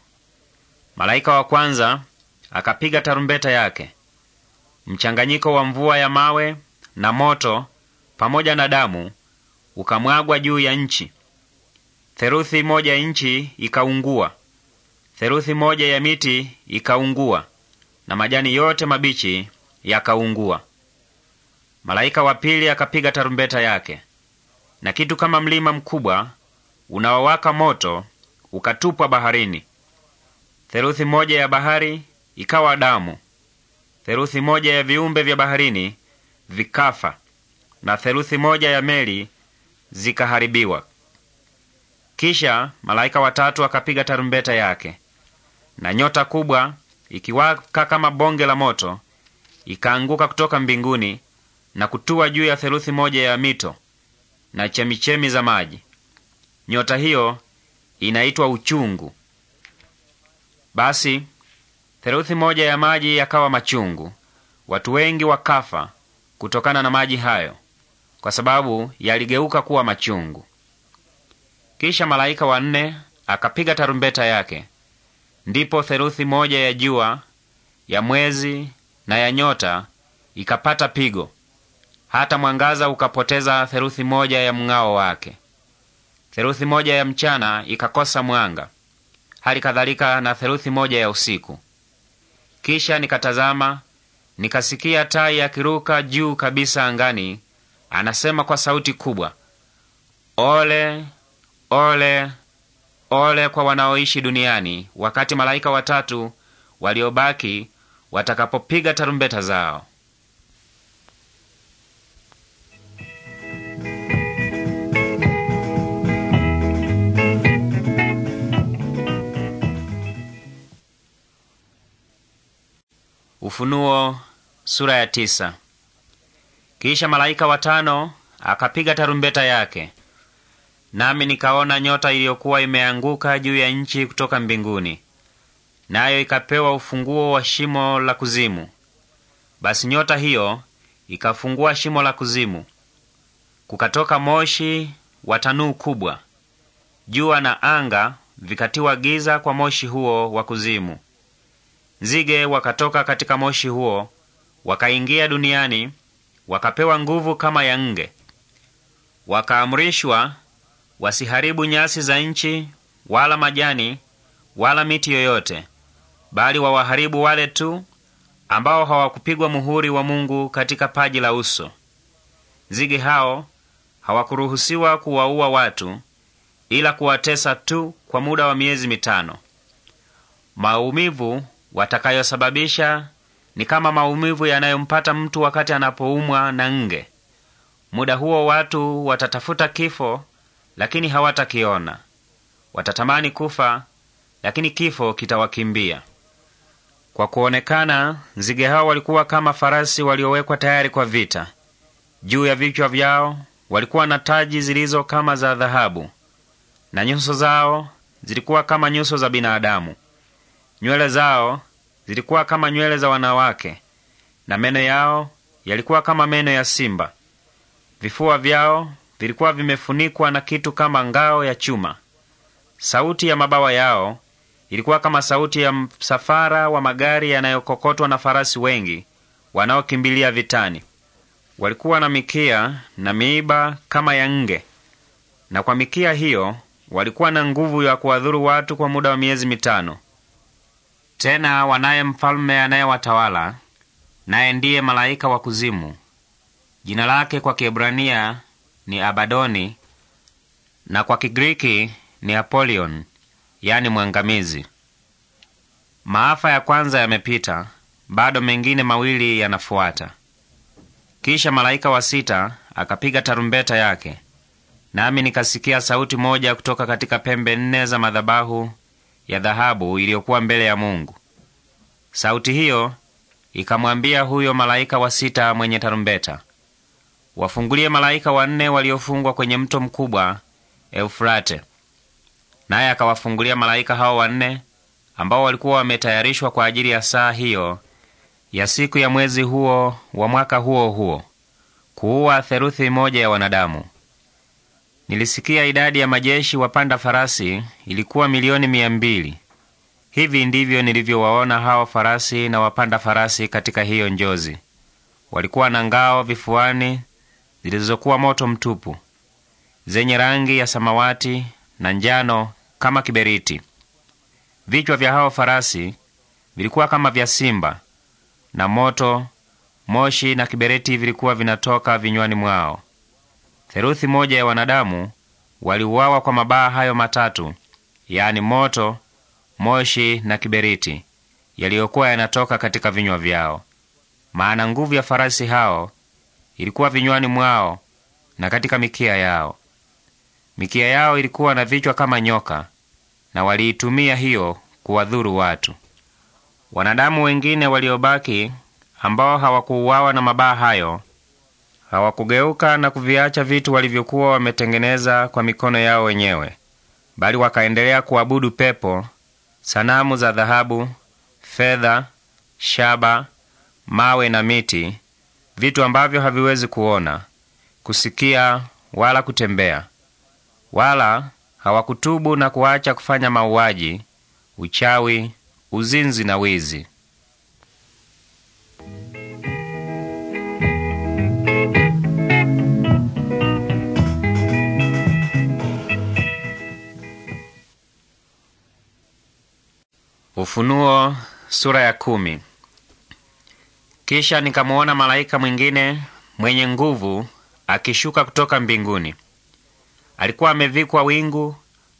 [SPEAKER 1] Malaika wa kwanza akapiga tarumbeta yake. Mchanganyiko wa mvua ya mawe na moto pamoja na damu ukamwagwa juu ya nchi. Theruthi moja ya nchi ikaungua, theruthi moja ya miti ikaungua, na majani yote mabichi yakaungua. Malaika wa pili akapiga tarumbeta yake, na kitu kama mlima mkubwa unaowaka moto ukatupwa baharini. Theruthi moja ya bahari ikawa damu, theruthi moja ya viumbe vya baharini vikafa, na theruthi moja ya meli zikaharibiwa. Kisha malaika watatu akapiga tarumbeta yake, na nyota kubwa ikiwaka kama bonge la moto ikaanguka kutoka mbinguni na kutua juu ya theluthi moja ya mito na chemichemi za maji. Nyota hiyo inaitwa Uchungu. Basi theluthi moja ya maji yakawa machungu, watu wengi wakafa kutokana na maji hayo kwa sababu yaligeuka kuwa machungu. Kisha malaika wanne akapiga tarumbeta yake, ndipo theluthi moja ya jua, ya mwezi na ya nyota ikapata pigo, hata mwangaza ukapoteza theluthi moja ya mng'ao wake. Theluthi moja ya mchana ikakosa mwanga, hali kadhalika na theluthi moja ya usiku. Kisha nikatazama, nikasikia tai akiruka juu kabisa angani anasema kwa sauti kubwa, ole ole ole kwa wanaoishi duniani wakati malaika watatu waliobaki watakapopiga tarumbeta zao. Ufunuo sura ya tisa. Kisha malaika watano akapiga tarumbeta yake, nami nikaona nyota iliyokuwa imeanguka juu ya nchi kutoka mbinguni, nayo ikapewa ufunguo wa shimo la kuzimu. Basi nyota hiyo ikafungua shimo la kuzimu, kukatoka moshi wa tanuu kubwa. Jua na anga vikatiwa giza kwa moshi huo wa kuzimu. Nzige wakatoka katika moshi huo wakaingia duniani wakapewa nguvu kama ya nge. Wakaamrishwa wasiharibu nyasi za nchi wala majani wala miti yoyote, bali wawaharibu wale tu ambao hawakupigwa muhuri wa Mungu katika paji la uso. Nzige hao hawakuruhusiwa kuwaua watu, ila kuwatesa tu kwa muda wa miezi mitano. Maumivu watakayosababisha ni kama maumivu yanayompata mtu wakati anapoumwa na nge. Muda huo watu watatafuta kifo, lakini hawatakiona. Watatamani kufa, lakini kifo kitawakimbia. Kwa kuonekana, nzige hao walikuwa kama farasi waliowekwa tayari kwa vita. Juu ya vichwa vyao walikuwa na taji zilizo kama za dhahabu, na nyuso zao zilikuwa kama nyuso za binadamu. Nywele zao zilikuwa kama nywele za wanawake, na meno yao yalikuwa kama meno ya simba. Vifua vyao vilikuwa vimefunikwa na kitu kama ngao ya chuma. Sauti ya mabawa yao ilikuwa kama sauti ya msafara wa magari yanayokokotwa na farasi wengi wanaokimbilia vitani. Walikuwa na mikia na miiba kama ya nge, na kwa mikia hiyo walikuwa na nguvu ya kuwadhuru watu kwa muda wa miezi mitano. Tena wanaye mfalme anayewatawala, naye ndiye malaika wa kuzimu. Jina lake kwa Kiebrania ni Abadoni, na kwa Kigiriki ni Apolion, yani mwangamizi. Maafa ya kwanza yamepita, bado mengine mawili yanafuata. Kisha malaika wa sita akapiga tarumbeta yake, nami nikasikia sauti moja kutoka katika pembe nne za madhabahu ya dhahabu iliyokuwa mbele ya Mungu. Sauti hiyo ikamwambia huyo malaika wa sita mwenye tarumbeta, wafungulie malaika wanne waliofungwa kwenye mto mkubwa Eufrate. Naye akawafungulia malaika hao wanne ambao walikuwa wametayarishwa kwa ajili ya saa hiyo ya siku ya mwezi huo wa mwaka huo huo kuua theluthi moja ya wanadamu. Nilisikia idadi ya majeshi wapanda farasi ilikuwa milioni mia mbili. Hivi ndivyo nilivyowaona hao farasi na wapanda farasi katika hiyo njozi. Walikuwa na ngao vifuani zilizokuwa moto mtupu, zenye rangi ya samawati na njano kama kiberiti. Vichwa vya hao farasi vilikuwa kama vya simba, na moto, moshi na kiberiti vilikuwa vinatoka vinywani mwao theluthi moja ya wanadamu waliuawa kwa mabaa hayo matatu, yaani moto, moshi na kiberiti, yaliyokuwa yanatoka katika vinywa vyao. Maana nguvu ya farasi hao ilikuwa vinywani mwao na katika mikia yao. Mikia yao ilikuwa na vichwa kama nyoka, na waliitumia hiyo kuwadhuru watu. Wanadamu wengine waliobaki ambao hawakuuawa na mabaa hayo hawakugeuka na kuviacha vitu walivyokuwa wametengeneza kwa mikono yao wenyewe, bali wakaendelea kuabudu pepo, sanamu za dhahabu, fedha, shaba, mawe na miti, vitu ambavyo haviwezi kuona, kusikia wala kutembea. Wala hawakutubu na kuacha kufanya mauaji, uchawi, uzinzi na wizi. Ufunuo sura ya kumi. Kisha nikamwona malaika mwingine mwenye nguvu akishuka kutoka mbinguni. Alikuwa amevikwa wingu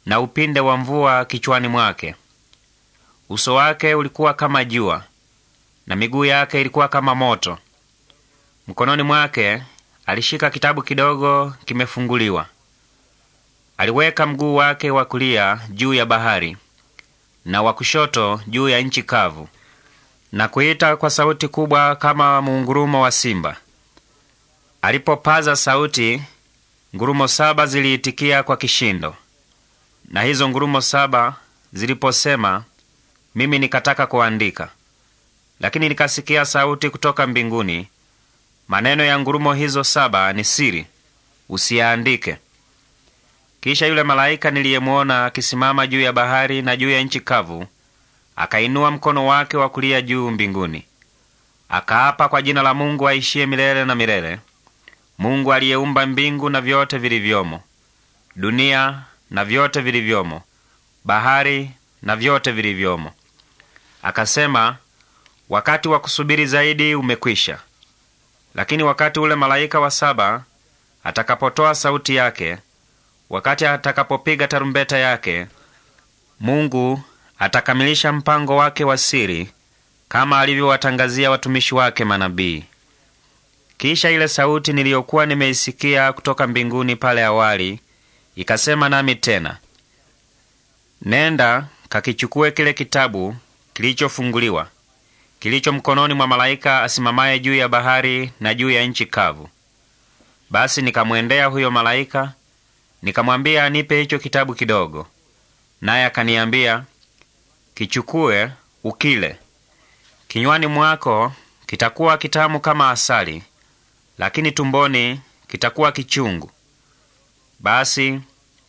[SPEAKER 1] na upinde wa mvua kichwani mwake. Uso wake ulikuwa kama jua na miguu yake ilikuwa kama moto. Mkononi mwake alishika kitabu kidogo kimefunguliwa. Aliweka mguu wake wa kulia juu ya bahari na wa kushoto juu ya nchi kavu, na kuita kwa sauti kubwa kama muungurumo wa simba. Alipopaza sauti, ngurumo saba ziliitikia kwa kishindo. Na hizo ngurumo saba ziliposema, mimi nikataka kuandika, lakini nikasikia sauti kutoka mbinguni, maneno ya ngurumo hizo saba ni siri, usiyaandike. Kisha yule malaika niliyemwona akisimama juu ya bahari na juu ya nchi kavu akainua mkono wake wa kulia juu mbinguni, akaapa kwa jina la Mungu aishiye milele na milele, Mungu aliyeumba mbingu na vyote vilivyomo, dunia na vyote vilivyomo, bahari na vyote vilivyomo. Akasema, wakati wa kusubiri zaidi umekwisha. Lakini wakati ule malaika wa saba atakapotoa sauti yake Wakati atakapopiga tarumbeta yake, Mungu atakamilisha mpango wake wa siri kama alivyowatangazia watumishi wake manabii. Kisha ile sauti niliyokuwa nimeisikia kutoka mbinguni pale awali ikasema nami tena, nenda kakichukue kile kitabu kilichofunguliwa kilicho mkononi mwa malaika asimamaye juu ya bahari na juu ya nchi kavu. Basi nikamwendea huyo malaika Nikamwambia nipe hicho kitabu kidogo, naye akaniambia, kichukue ukile, kinywani mwako kitakuwa kitamu kama asali, lakini tumboni kitakuwa kichungu. Basi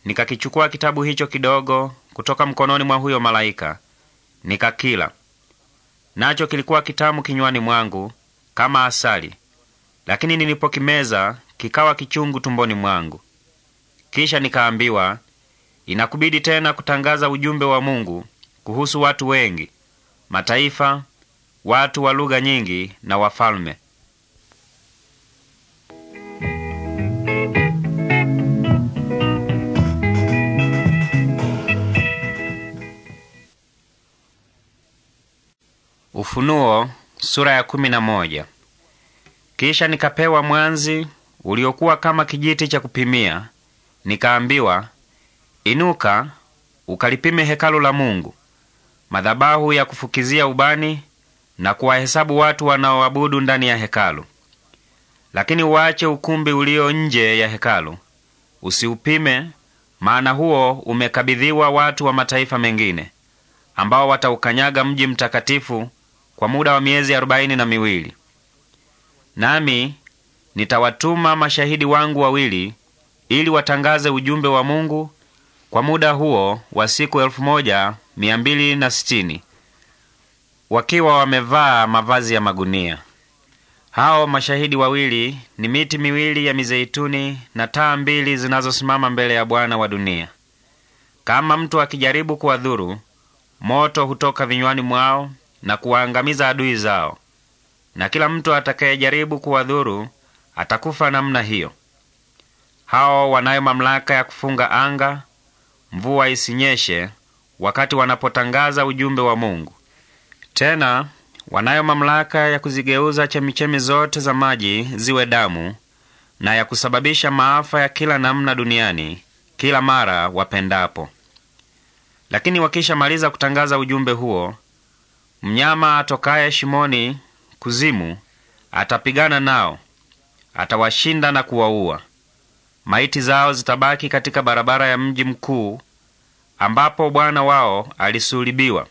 [SPEAKER 1] nikakichukua kitabu hicho kidogo kutoka mkononi mwa huyo malaika, nikakila. Nacho kilikuwa kitamu kinywani mwangu kama asali, lakini nilipokimeza kikawa kichungu tumboni mwangu. Kisha nikaambiwa inakubidi tena kutangaza ujumbe wa Mungu kuhusu watu wengi, mataifa, watu wa lugha nyingi na wafalme. Ufunuo sura ya kumi na moja. Kisha nikapewa mwanzi uliokuwa kama kijiti cha kupimia Nikaambiwa, inuka ukalipime hekalu la Mungu, madhabahu ya kufukizia ubani na kuwahesabu watu wanaoabudu ndani ya hekalu. Lakini uache ukumbi ulio nje ya hekalu, usiupime, maana huo umekabidhiwa watu wa mataifa mengine, ambao wataukanyaga mji mtakatifu kwa muda wa miezi arobaini na miwili. Nami nitawatuma mashahidi wangu wawili ili watangaze ujumbe wa Mungu kwa muda huo wa siku elfu moja mia mbili na sitini wakiwa wamevaa mavazi ya magunia. Hao mashahidi wawili ni miti miwili ya mizeituni na taa mbili zinazosimama mbele ya Bwana wa dunia. Kama mtu akijaribu kuwadhuru, moto hutoka vinywani mwao na kuwaangamiza adui zao, na kila mtu atakayejaribu kuwadhuru atakufa namna hiyo. Hao wanayo mamlaka ya kufunga anga, mvua isinyeshe wakati wanapotangaza ujumbe wa Mungu. Tena wanayo mamlaka ya kuzigeuza chemichemi zote za maji ziwe damu na ya kusababisha maafa ya kila namna duniani kila mara wapendapo. Lakini wakishamaliza kutangaza ujumbe huo, mnyama atokaye shimoni kuzimu atapigana nao, atawashinda na kuwaua. Maiti zao zitabaki katika barabara ya mji mkuu ambapo bwana wao alisulibiwa.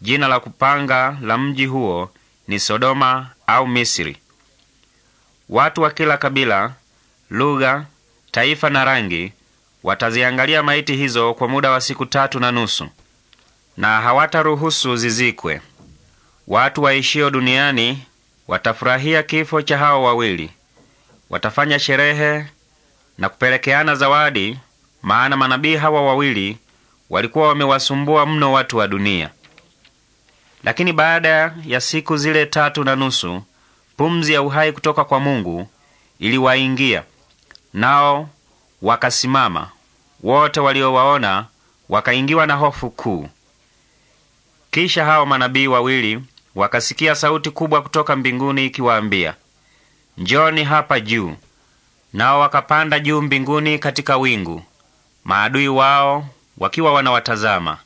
[SPEAKER 1] Jina la kupanga la mji huo ni Sodoma au Misri. Watu wa kila kabila, lugha, taifa na rangi wataziangalia maiti hizo kwa muda wa siku tatu na nusu, na hawataruhusu zizikwe. Watu waishio duniani watafurahia kifo cha hao wawili, watafanya sherehe na kupelekeana zawadi, maana manabii hawa wawili walikuwa wamewasumbua mno watu wa dunia. Lakini baada ya siku zile tatu na nusu, pumzi ya uhai kutoka kwa Mungu iliwaingia, nao wakasimama wote waliowaona, wakaingiwa na hofu kuu. Kisha hao manabii wawili wakasikia sauti kubwa kutoka mbinguni ikiwaambia, njoni hapa juu. Nao wakapanda juu mbinguni katika wingu, maadui wao wakiwa wanawatazama.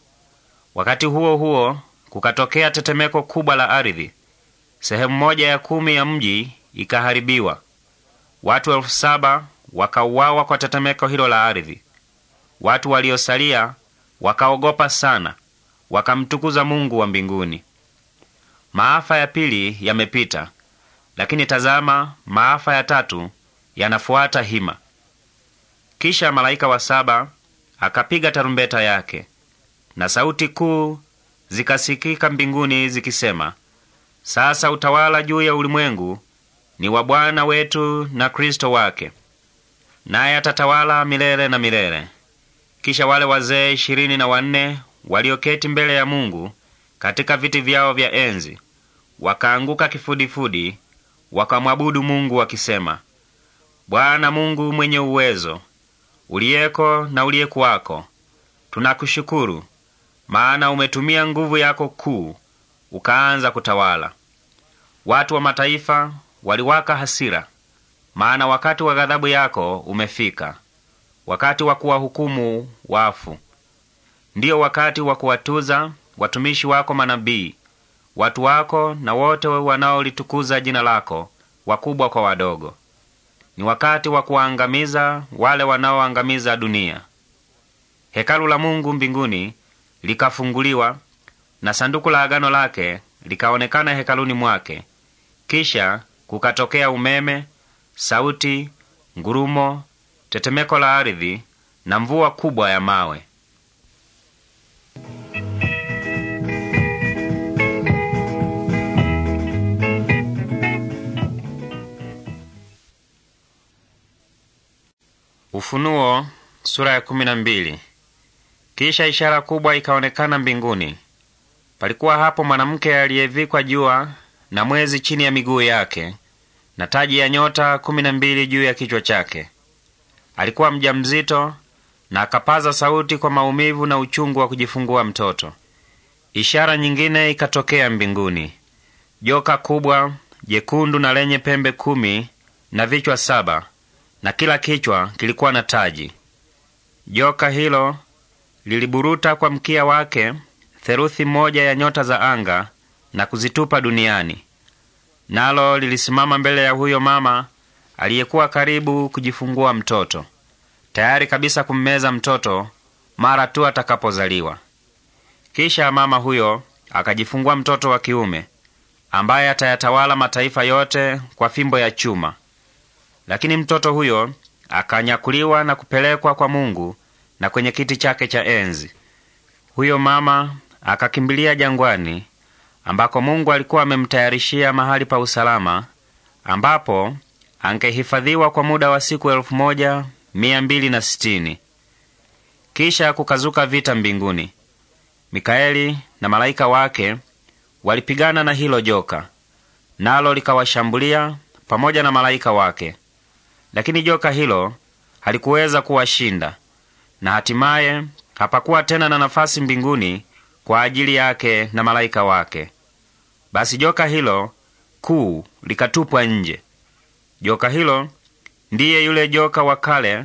[SPEAKER 1] Wakati huo huo, kukatokea tetemeko kubwa la ardhi. Sehemu moja ya kumi ya mji ikaharibiwa. Watu elfu saba wakauawa kwa tetemeko hilo la ardhi. Watu waliosalia wakaogopa sana, wakamtukuza Mungu wa mbinguni. Maafa ya pili yamepita, lakini tazama, maafa ya tatu yanafuata hima. Kisha malaika wa saba akapiga tarumbeta yake, na sauti kuu zikasikika mbinguni zikisema, sasa utawala juu ya ulimwengu ni wa Bwana wetu na Kristo wake, naye atatawala milele na milele. Kisha wale wazee ishirini na wanne walioketi mbele ya Mungu katika viti vyao vya enzi wakaanguka kifudifudi, wakamwabudu Mungu wakisema, Bwana Mungu mwenye uwezo, uliyeko na uliyekuwako, tunakushukuru maana umetumia nguvu yako kuu ukaanza kutawala. Watu wa mataifa waliwaka hasira, maana wakati wa ghadhabu yako umefika, wakati wa kuwahukumu wafu. Ndiyo wakati wa kuwatuza watumishi wako manabii, watu wako na wote wanaolitukuza jina lako, wakubwa kwa wadogo ni wakati wa kuwaangamiza wale wanaoangamiza dunia. Hekalu la Mungu mbinguni likafunguliwa na sanduku la agano lake likaonekana hekaluni mwake. Kisha kukatokea umeme, sauti, ngurumo, tetemeko la ardhi na mvua kubwa ya mawe. Ufunuo sura ya kumi na mbili. Kisha ishara kubwa ikaonekana mbinguni. Palikuwa hapo mwanamke aliyevikwa jua na mwezi chini ya miguu yake na taji ya nyota kumi na mbili juu ya kichwa chake. Alikuwa mjamzito na akapaza sauti kwa maumivu na uchungu wa kujifungua mtoto. Ishara nyingine ikatokea mbinguni: joka kubwa jekundu na lenye pembe kumi na vichwa saba na kila kichwa kilikuwa na taji. Joka hilo liliburuta kwa mkia wake theruthi moja ya nyota za anga na kuzitupa duniani, nalo lilisimama mbele ya huyo mama aliyekuwa karibu kujifungua mtoto, tayari kabisa kummeza mtoto mara tu atakapozaliwa. Kisha mama huyo akajifungua mtoto wa kiume ambaye atayatawala mataifa yote kwa fimbo ya chuma. Lakini mtoto huyo akanyakuliwa na kupelekwa kwa Mungu na kwenye kiti chake cha enzi. Huyo mama akakimbilia jangwani, ambako Mungu alikuwa amemtayarishia mahali pa usalama, ambapo angehifadhiwa kwa muda wa siku elfu moja mia mbili na sitini. Kisha kukazuka vita mbinguni. Mikaeli na malaika wake walipigana na hilo joka, nalo likawashambulia pamoja na malaika wake lakini joka hilo halikuweza kuwashinda, na hatimaye hapakuwa tena na nafasi mbinguni kwa ajili yake na malaika wake. Basi joka hilo kuu likatupwa nje. Joka hilo ndiye yule joka wa kale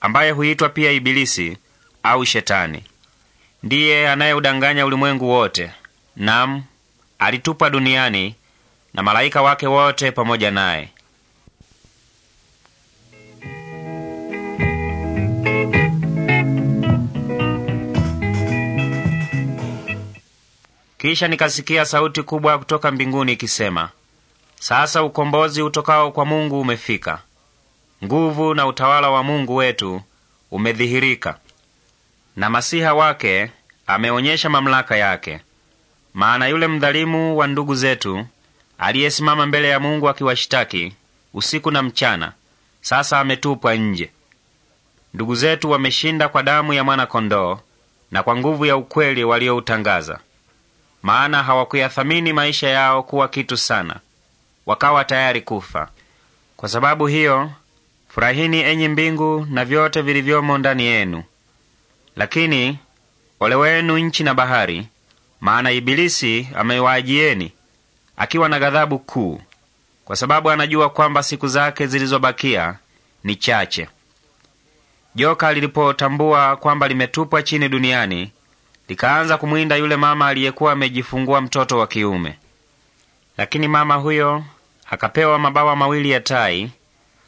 [SPEAKER 1] ambaye huitwa pia Ibilisi au Shetani. Ndiye anayeudanganya ulimwengu wote. Nam alitupwa duniani na malaika wake wote pamoja naye. Kisha nikasikia sauti kubwa kutoka mbinguni ikisema, sasa ukombozi utokao kwa Mungu umefika, nguvu na utawala wa Mungu wetu umedhihirika, na masiha wake ameonyesha mamlaka yake. Maana yule mdhalimu wa ndugu zetu aliyesimama mbele ya Mungu akiwashitaki usiku na mchana, sasa ametupwa nje. Ndugu zetu wameshinda kwa damu ya mwana-kondoo na kwa nguvu ya ukweli walioutangaza maana hawakuyathamini maisha yao kuwa kitu sana, wakawa tayari kufa. Kwa sababu hiyo, furahini enyi mbingu na vyote vilivyomo ndani yenu. Lakini ole wenu nchi na bahari, maana Ibilisi amewaajieni akiwa na ghadhabu kuu, kwa sababu anajua kwamba siku zake zilizobakia ni chache. Joka lilipotambua kwamba limetupwa chini duniani likaanza kumwinda yule mama aliyekuwa amejifungua mtoto wa kiume. Lakini mama huyo akapewa mabawa mawili ya tai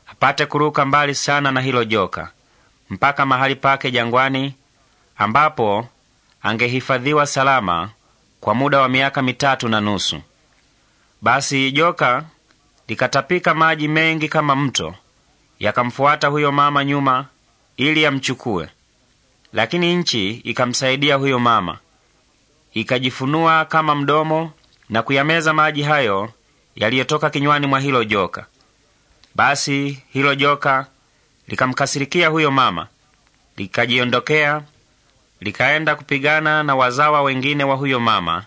[SPEAKER 1] apate kuruka mbali sana na hilo joka mpaka mahali pake jangwani, ambapo angehifadhiwa salama kwa muda wa miaka mitatu na nusu. Basi joka likatapika maji mengi kama mto, yakamfuata huyo mama nyuma ili yamchukue. Lakini nchi ikamsaidia huyo mama, ikajifunua kama mdomo na kuyameza maji hayo yaliyotoka kinywani mwa hilo joka. Basi hilo joka likamkasirikia huyo mama, likajiondokea, likaenda kupigana na wazawa wengine wa huyo mama,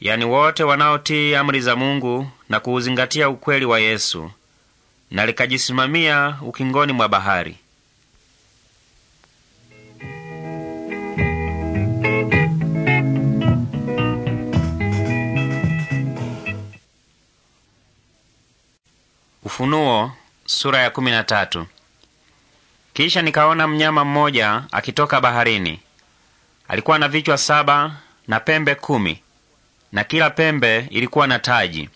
[SPEAKER 1] yani wote wanaotii amri za Mungu na kuuzingatia ukweli wa Yesu, na likajisimamia ukingoni mwa bahari. Ufunuo sura ya kumi na tatu. Kisha nikaona mnyama mmoja akitoka baharini. Alikuwa na vichwa saba na pembe kumi, na kila pembe ilikuwa na taji.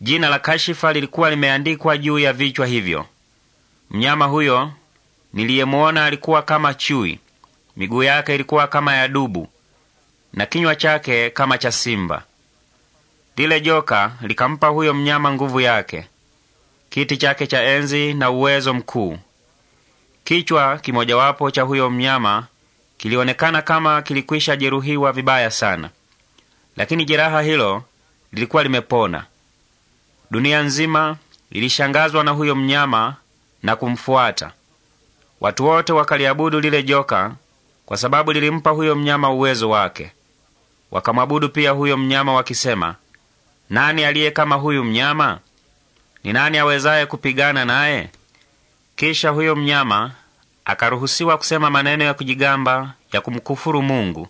[SPEAKER 1] Jina la kashifa lilikuwa limeandikwa juu ya vichwa hivyo. Mnyama huyo niliyemuona alikuwa kama chui, miguu yake ilikuwa kama ya dubu, na kinywa chake kama cha simba. Lile joka likampa huyo mnyama nguvu yake, kiti chake cha enzi na uwezo mkuu. Kichwa kimojawapo cha huyo mnyama kilionekana kama kilikwisha jeruhiwa vibaya sana, lakini jeraha hilo lilikuwa limepona. Dunia nzima ilishangazwa na huyo mnyama na kumfuata. Watu wote wakaliabudu lile joka, kwa sababu lilimpa huyo mnyama uwezo wake. Wakamwabudu pia huyo mnyama wakisema, nani aliye kama huyu mnyama? Ni nani awezaye kupigana naye? Kisha huyo mnyama akaruhusiwa kusema maneno ya kujigamba ya kumkufuru Mungu.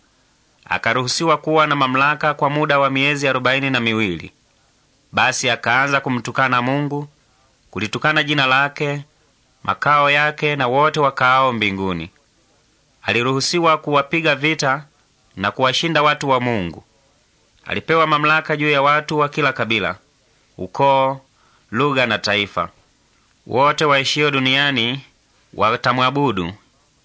[SPEAKER 1] Akaruhusiwa kuwa na mamlaka kwa muda wa miezi arobaini na miwili. Basi akaanza kumtukana Mungu, kulitukana jina lake, makao yake na wote wakaao mbinguni. Aliruhusiwa kuwapiga vita na kuwashinda watu wa Mungu. Alipewa mamlaka juu ya watu wa kila kabila, ukoo lugha na taifa. Wote waishio duniani watamwabudu,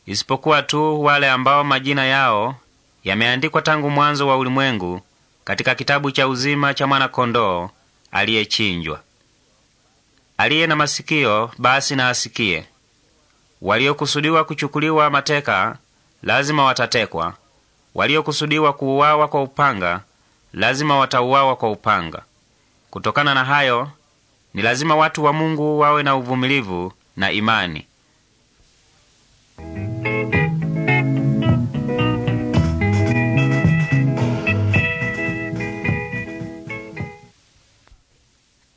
[SPEAKER 1] isipokuwa tu wale ambao majina yao yameandikwa tangu mwanzo wa ulimwengu katika kitabu cha uzima cha mwana-kondoo aliyechinjwa. Aliye na masikio basi na asikie. Waliokusudiwa kuchukuliwa mateka lazima watatekwa, waliokusudiwa kuuawa kwa upanga lazima watauawa kwa upanga. Kutokana na hayo, ni lazima watu wa Mungu wawe na uvumilivu na imani.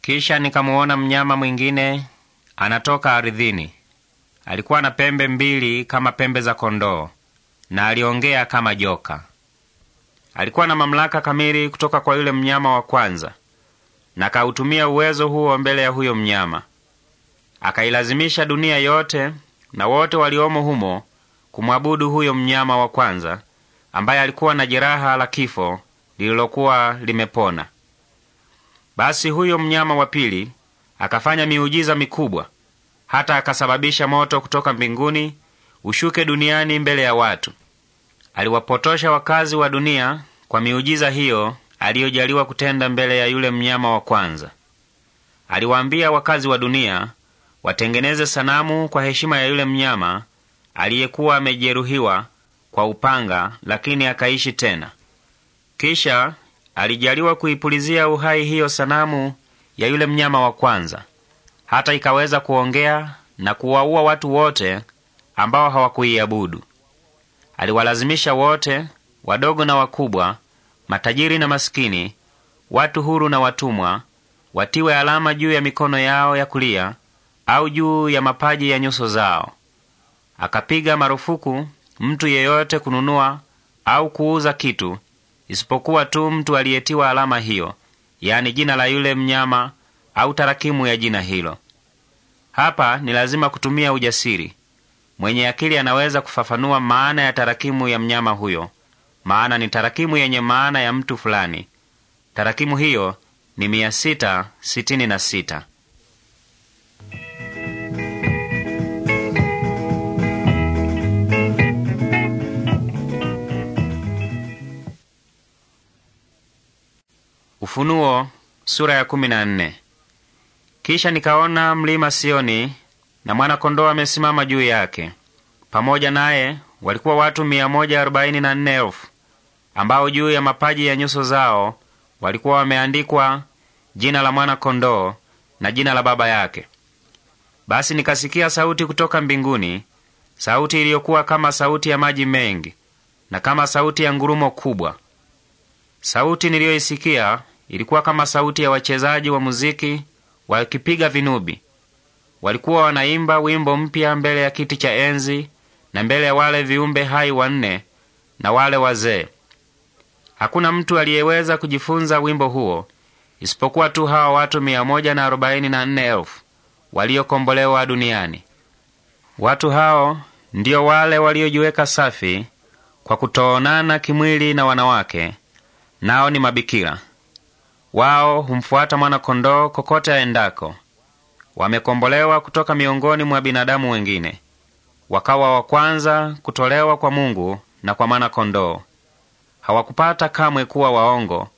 [SPEAKER 1] Kisha nikamuona mnyama mwingine anatoka aridhini Alikuwa na pembe mbili kama pembe za kondoo, na aliongea kama joka. Alikuwa na mamlaka kamili kutoka kwa yule mnyama wa kwanza na kautumia uwezo huo mbele ya huyo mnyama, akailazimisha dunia yote na wote waliomo humo kumwabudu huyo mnyama wa kwanza ambaye alikuwa na jeraha la kifo lililokuwa limepona. Basi huyo mnyama wa pili akafanya miujiza mikubwa, hata akasababisha moto kutoka mbinguni ushuke duniani mbele ya watu. Aliwapotosha wakazi wa dunia kwa miujiza hiyo aliyojaliwa kutenda mbele ya yule mnyama wa kwanza. Aliwaambia wakazi wa dunia watengeneze sanamu kwa heshima ya yule mnyama aliyekuwa amejeruhiwa kwa upanga, lakini akaishi tena. Kisha alijaliwa kuipulizia uhai hiyo sanamu ya yule mnyama wa kwanza, hata ikaweza kuongea na kuwaua watu wote ambao hawakuiabudu. Aliwalazimisha wote, wadogo na wakubwa, matajiri na maskini, watu huru na watumwa, watiwe alama juu ya mikono yao ya kulia au juu ya mapaji ya nyuso zao. Akapiga marufuku mtu yeyote kununua au kuuza kitu isipokuwa tu mtu aliyetiwa alama hiyo, yani jina la yule mnyama au tarakimu ya jina hilo. Hapa ni lazima kutumia ujasiri. Mwenye akili anaweza kufafanua maana ya tarakimu ya mnyama huyo maana ni tarakimu yenye maana ya mtu fulani. Tarakimu hiyo ni mia sita sitini na sita. Ufunuo sura ya kumi na nne. Kisha nikaona mlima Sioni na mwana-kondoo amesimama juu yake. Pamoja naye walikuwa watu mia moja arobaini na nne elfu ambao juu ya mapaji ya nyuso zao walikuwa wameandikwa jina la mwana-kondoo na jina la Baba yake. Basi nikasikia sauti kutoka mbinguni, sauti iliyokuwa kama sauti ya maji mengi na kama sauti ya ngurumo kubwa. Sauti niliyoisikia ilikuwa kama sauti ya wachezaji wa muziki wakipiga vinubi. Walikuwa wanaimba wimbo mpya mbele ya kiti cha enzi na mbele ya wale viumbe hai wanne na wale wazee. Hakuna mtu aliyeweza kujifunza wimbo huo isipokuwa tu hawa watu mia moja na arobaini na nne elfu waliokombolewa duniani. Watu hao ndio wale waliojiweka safi kwa kutoonana kimwili na wanawake, nao ni mabikira. Wao humfuata mwana-kondoo kokote aendako. Wamekombolewa kutoka miongoni mwa binadamu wengine, wakawa wa kwanza kutolewa kwa Mungu na kwa mwana-kondoo hawakupata kamwe kuwa waongo,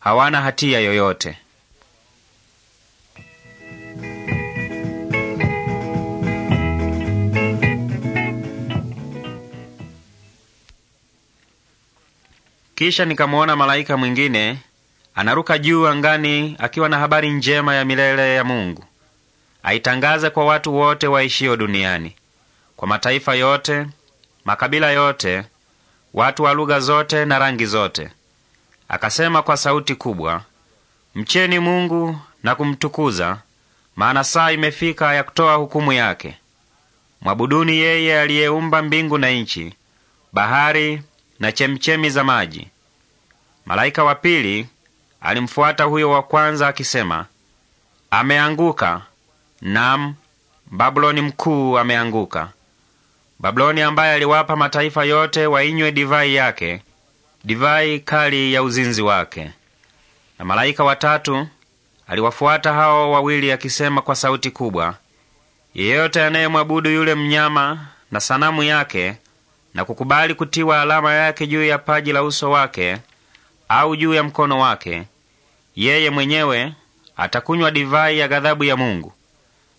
[SPEAKER 1] hawana hatia yoyote. Kisha nikamwona malaika mwingine anaruka juu angani akiwa na habari njema ya milele ya Mungu, aitangaze kwa watu wote waishio duniani, kwa mataifa yote, makabila yote watu wa lugha zote na rangi zote. Akasema kwa sauti kubwa, mcheni Mungu na kumtukuza, maana saa imefika ya kutoa hukumu yake. Mwabuduni yeye aliyeumba mbingu na nchi, bahari na chemchemi za maji. Malaika wa pili alimfuata huyo wa kwanza akisema, ameanguka, nam Babuloni mkuu ameanguka, Babuloni ambaye aliwapa mataifa yote wainywe divai yake, divai kali ya uzinzi wake. Na malaika watatu aliwafuata hao wawili akisema kwa sauti kubwa, yeyote anayemwabudu yule mnyama na sanamu yake na kukubali kutiwa alama yake juu ya paji la uso wake au juu ya mkono wake, yeye mwenyewe atakunywa divai ya ghadhabu ya Mungu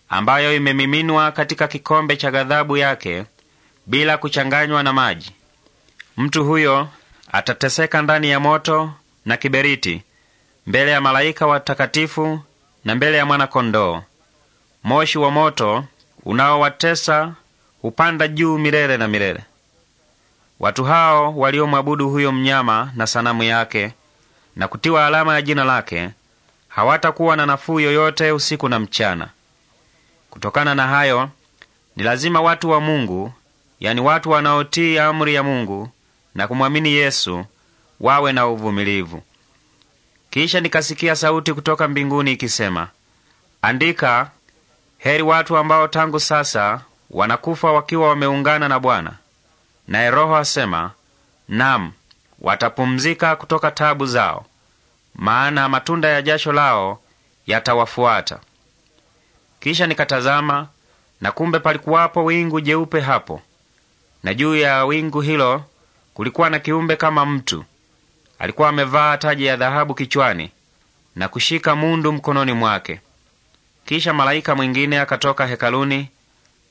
[SPEAKER 1] ambayo imemiminwa katika kikombe cha ghadhabu yake bila kuchanganywa na maji. Mtu huyo atateseka ndani ya moto na kiberiti, mbele ya malaika watakatifu na mbele ya mwana-kondoo. Moshi wa moto unaowatesa hupanda juu milele na milele. Watu hao waliomwabudu huyo mnyama na sanamu yake na kutiwa alama ya jina lake hawatakuwa na nafuu yoyote usiku na mchana. Kutokana na hayo, ni lazima watu wa Mungu yani watu wanaotii amri ya Mungu na kumwamini Yesu wawe na uvumilivu. Kisha nikasikia sauti kutoka mbinguni ikisema, andika, heri watu ambao tangu sasa wanakufa wakiwa wameungana na Bwana. Naye Roho asema, nam, watapumzika kutoka tabu zao, maana matunda ya jasho lao yatawafuata. Kisha nikatazama, na kumbe palikuwapo wingu jeupe hapo na juu ya wingu hilo kulikuwa na kiumbe kama mtu. Alikuwa amevaa taji ya dhahabu kichwani na kushika mundu mkononi mwake. Kisha malaika mwingine akatoka hekaluni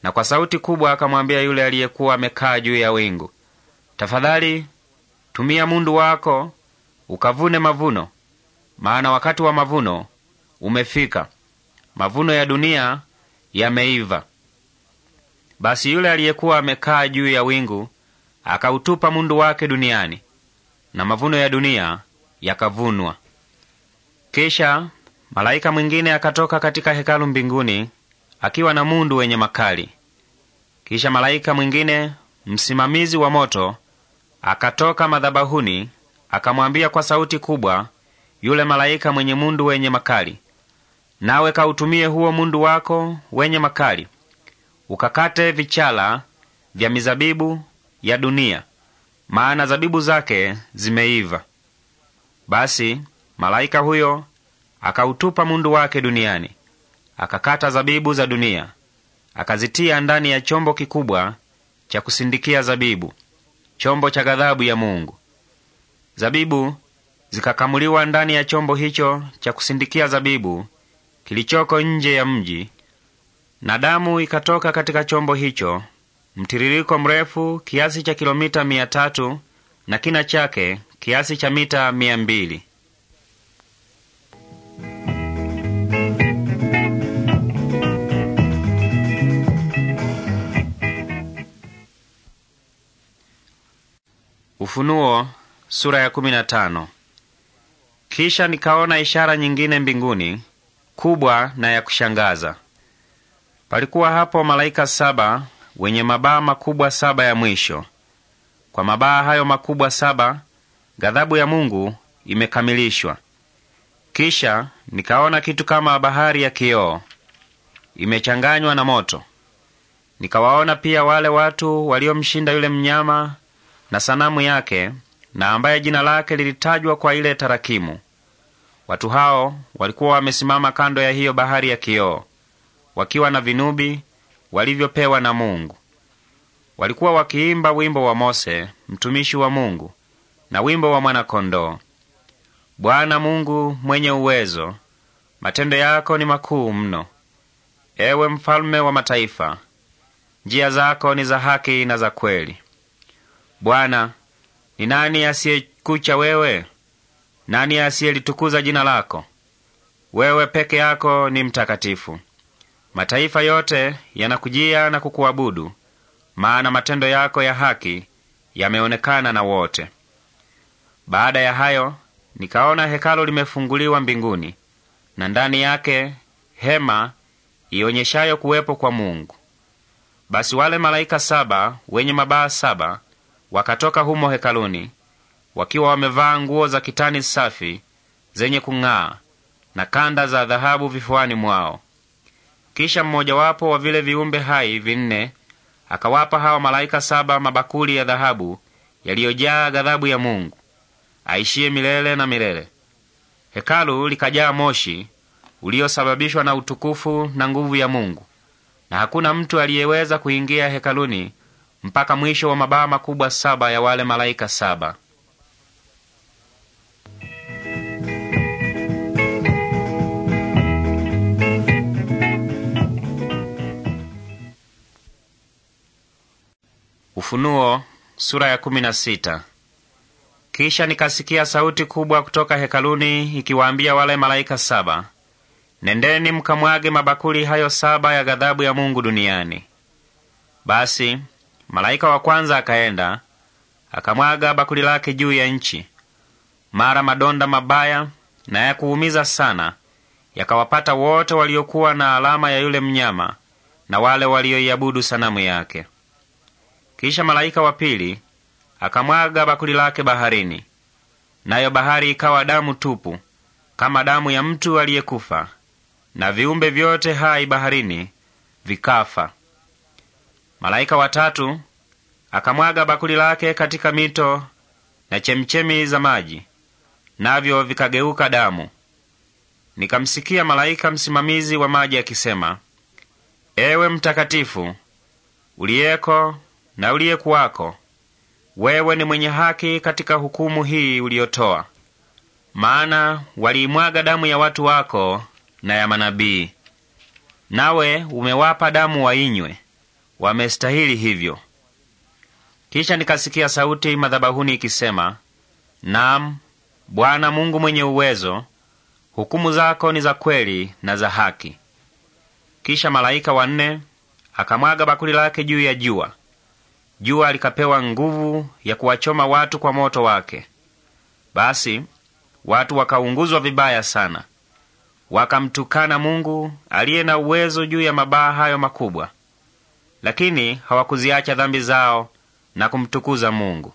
[SPEAKER 1] na kwa sauti kubwa akamwambia yule aliyekuwa amekaa juu ya wingu, tafadhali tumia mundu wako ukavune mavuno, maana wakati wa mavuno umefika, mavuno ya dunia yameiva. Basi yule aliyekuwa amekaa juu ya wingu akautupa mundu wake duniani, na mavuno ya dunia yakavunwa. Kisha malaika mwingine akatoka katika hekalu mbinguni akiwa na mundu wenye makali. Kisha malaika mwingine msimamizi wa moto akatoka madhabahuni akamwambia kwa sauti kubwa yule malaika mwenye mundu wenye makali, nawe kautumie huo mundu wako wenye makali ukakate vichala vya mizabibu ya dunia, maana zabibu zake zimeiva. Basi malaika huyo akautupa mundu wake duniani, akakata zabibu za dunia, akazitia ndani ya chombo kikubwa cha kusindikia zabibu, chombo cha ghadhabu ya Mungu. Zabibu zikakamuliwa ndani ya chombo hicho cha kusindikia zabibu kilichoko nje ya mji, na damu ikatoka katika chombo hicho, mtiririko mrefu kiasi cha kilomita mia tatu na kina chake kiasi cha mita mia mbili. Ufunuo sura ya kumi na tano. Kisha nikaona ishara nyingine mbinguni kubwa na ya kushangaza Palikuwa hapo malaika saba wenye mabaa makubwa saba ya mwisho. Kwa mabaa hayo makubwa saba ghadhabu ya Mungu imekamilishwa. Kisha nikaona kitu kama bahari ya kioo imechanganywa na moto. Nikawaona pia wale watu waliomshinda yule mnyama na sanamu yake, na ambaye jina lake lilitajwa kwa ile tarakimu. Watu hao walikuwa wamesimama kando ya hiyo bahari ya kioo wakiwa na vinubi walivyopewa na Mungu. Walikuwa wakiimba wimbo wa Mose mtumishi wa Mungu na wimbo wa Mwanakondoo: Bwana Mungu mwenye uwezo, matendo yako ni makuu mno. Ewe mfalme wa mataifa, njia zako ni za haki na za kweli. Bwana, ni nani asiyekucha wewe? Nani asiyelitukuza jina lako? Wewe peke yako ni mtakatifu mataifa yote yanakujia na kukuabudu, maana matendo yako ya haki yameonekana na wote. Baada ya hayo nikaona hekalu limefunguliwa mbinguni, na ndani yake hema ionyeshayo kuwepo kwa Mungu. Basi wale malaika saba wenye mabaa saba wakatoka humo hekaluni, wakiwa wamevaa nguo za kitani safi zenye kung'aa na kanda za dhahabu vifuani mwao. Kisha mmojawapo wa vile viumbe hai vinne akawapa hawa malaika saba mabakuli ya dhahabu yaliyojaa ghadhabu ya Mungu aishiye milele na milele. Hekalu likajaa moshi uliosababishwa na utukufu na nguvu ya Mungu, na hakuna mtu aliyeweza kuingia hekaluni mpaka mwisho wa mabaa makubwa saba ya wale malaika saba. Ufunuo sura ya kumi na sita. Kisha nikasikia sauti kubwa kutoka hekaluni ikiwaambia wale malaika saba, nendeni mkamwage mabakuli hayo saba ya ghadhabu ya Mungu duniani. Basi malaika wa kwanza akaenda akamwaga bakuli lake juu ya nchi. Mara madonda mabaya na ya kuumiza sana yakawapata wote waliokuwa na alama ya yule mnyama na wale walioiabudu sanamu yake. Kisha malaika wa pili akamwaga bakuli lake baharini, nayo bahari ikawa damu tupu kama damu ya mtu aliyekufa, na viumbe vyote hai baharini vikafa. Malaika watatu akamwaga bakuli lake katika mito na chemchemi za maji, navyo vikageuka damu. Nikamsikia malaika msimamizi wa maji akisema, Ewe mtakatifu uliyeko na uliyekuwako, wewe ni mwenye haki katika hukumu hii uliyotoa, maana waliimwaga damu ya watu wako na ya manabii, nawe umewapa damu wainywe, wamestahili hivyo. Kisha nikasikia sauti madhabahuni ikisema, nam Bwana Mungu mwenye uwezo, hukumu zako ni za kweli na za haki. Kisha malaika wanne akamwaga bakuli lake juu ya jua, jua likapewa nguvu ya kuwachoma watu kwa moto wake. Basi watu wakaunguzwa vibaya sana, wakamtukana Mungu aliye na uwezo juu ya mabaa hayo makubwa, lakini hawakuziacha dhambi zao na kumtukuza Mungu.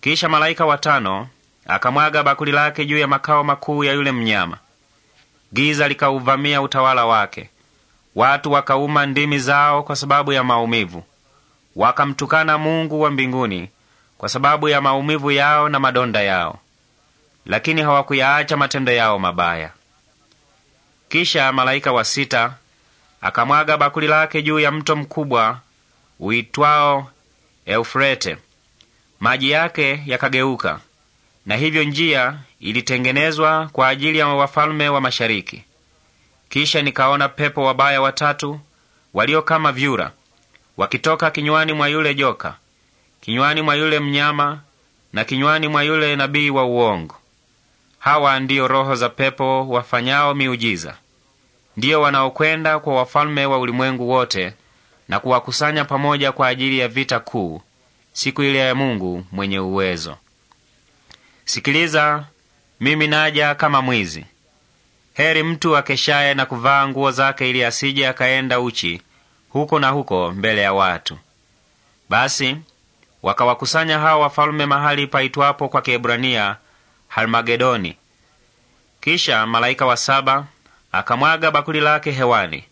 [SPEAKER 1] Kisha malaika watano akamwaga bakuli lake juu ya makao makuu ya yule mnyama. Giza likauvamia utawala wake, watu wakauma ndimi zao kwa sababu ya maumivu wakamtukana Mungu wa mbinguni kwa sababu ya maumivu yao na madonda yao, lakini hawakuyaacha matendo yao mabaya. Kisha malaika wa sita akamwaga bakuli lake juu ya mto mkubwa uitwao Eufrete. Maji yake yakageuka, na hivyo njia ilitengenezwa kwa ajili ya wafalme wa mashariki. Kisha nikaona pepo wabaya watatu walio kama vyura wakitoka kinywani mwa yule joka, kinywani mwa yule mnyama na kinywani mwa yule nabii wa uongo. Hawa ndiyo roho za pepo wafanyao miujiza, ndiyo wanaokwenda kwa wafalme wa ulimwengu wote na kuwakusanya pamoja kwa ajili ya vita kuu, siku ile ya Mungu mwenye uwezo. Sikiliza, mimi naja kama mwizi. Heri mtu akeshaye na kuvaa nguo zake, ili asije akaenda uchi huko na huko mbele ya watu. Basi wakawakusanya hawa wafalume mahali paitwapo kwa Kiebrania Harmagedoni. Kisha malaika wa saba akamwaga bakuli lake hewani.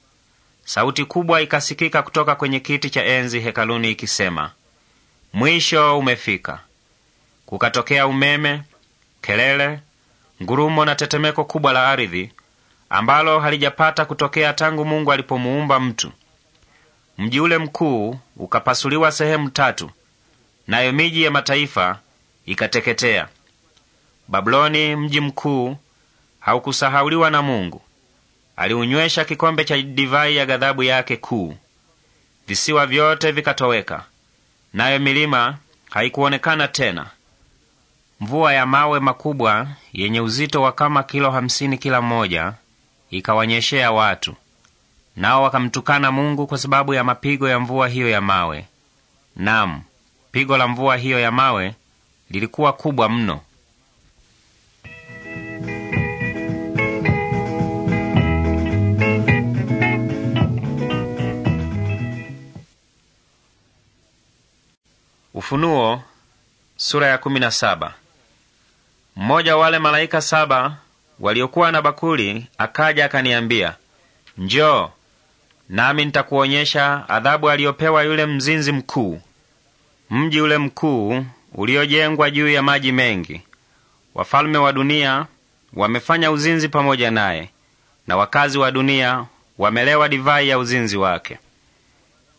[SPEAKER 1] Sauti kubwa ikasikika kutoka kwenye kiti cha enzi hekaluni ikisema, mwisho umefika. Kukatokea umeme, kelele, ngurumo na tetemeko kubwa la ardhi ambalo halijapata kutokea tangu Mungu alipomuumba mtu. Mji ule mkuu ukapasuliwa sehemu tatu, nayo miji ya mataifa ikateketea. Babuloni mji mkuu haukusahauliwa na Mungu, aliunywesha kikombe cha divai ya ghadhabu yake kuu. Visiwa vyote vikatoweka, nayo milima haikuonekana tena. Mvua ya mawe makubwa yenye uzito wa kama kilo hamsini kila mmoja ikawanyeshea watu. Nao wakamtukana Mungu kwa sababu ya mapigo ya mvua hiyo ya mawe. Naam, pigo la mvua hiyo ya mawe lilikuwa kubwa mno. Ufunuo sura ya kumi na saba. Mmoja wale malaika saba waliokuwa na bakuli akaja akaniambia, njoo nami nitakuonyesha adhabu aliyopewa yule mzinzi mkuu, mji ule mkuu uliojengwa juu ya maji mengi. Wafalme wa dunia wamefanya uzinzi pamoja naye, na wakazi wa dunia wamelewa divai ya uzinzi wake.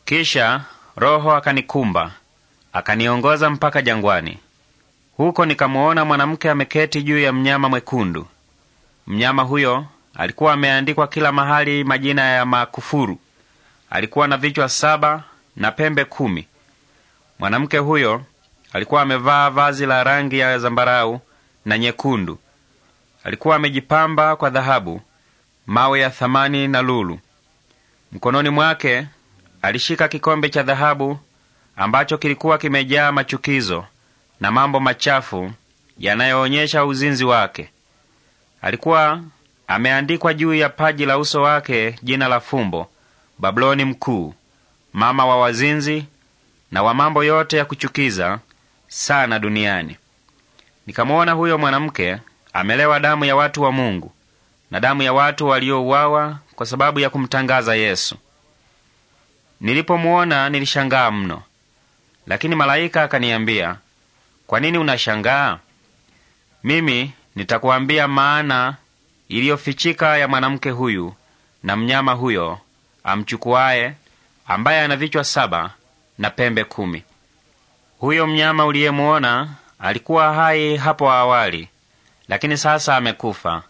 [SPEAKER 1] Kisha Roho akanikumba akaniongoza mpaka jangwani. Huko nikamwona mwanamke ameketi juu ya mnyama mwekundu. Mnyama huyo Alikuwa ameandikwa kila mahali majina ya makufuru. Alikuwa na vichwa saba na pembe kumi. Mwanamke huyo alikuwa amevaa vazi la rangi ya zambarau na nyekundu. Alikuwa amejipamba kwa dhahabu, mawe ya thamani na lulu. Mkononi mwake alishika kikombe cha dhahabu ambacho kilikuwa kimejaa machukizo na mambo machafu yanayoonyesha uzinzi wake. Alikuwa Ameandikwa juu ya paji la uso wake jina la fumbo, Babuloni Mkuu, mama wa wazinzi na wa mambo yote ya kuchukiza sana duniani. Nikamwona huyo mwanamke amelewa damu ya watu wa Mungu na damu ya watu waliouawa kwa sababu ya kumtangaza Yesu. Nilipomuona nilishangaa mno, lakini malaika akaniambia, kwa nini unashangaa? Mimi nitakuambia maana iliyofichika ya mwanamke huyu na mnyama huyo amchukuaye, ambaye ana vichwa saba na pembe kumi. Huyo mnyama uliyemuona alikuwa hai hapo awali, lakini sasa amekufa.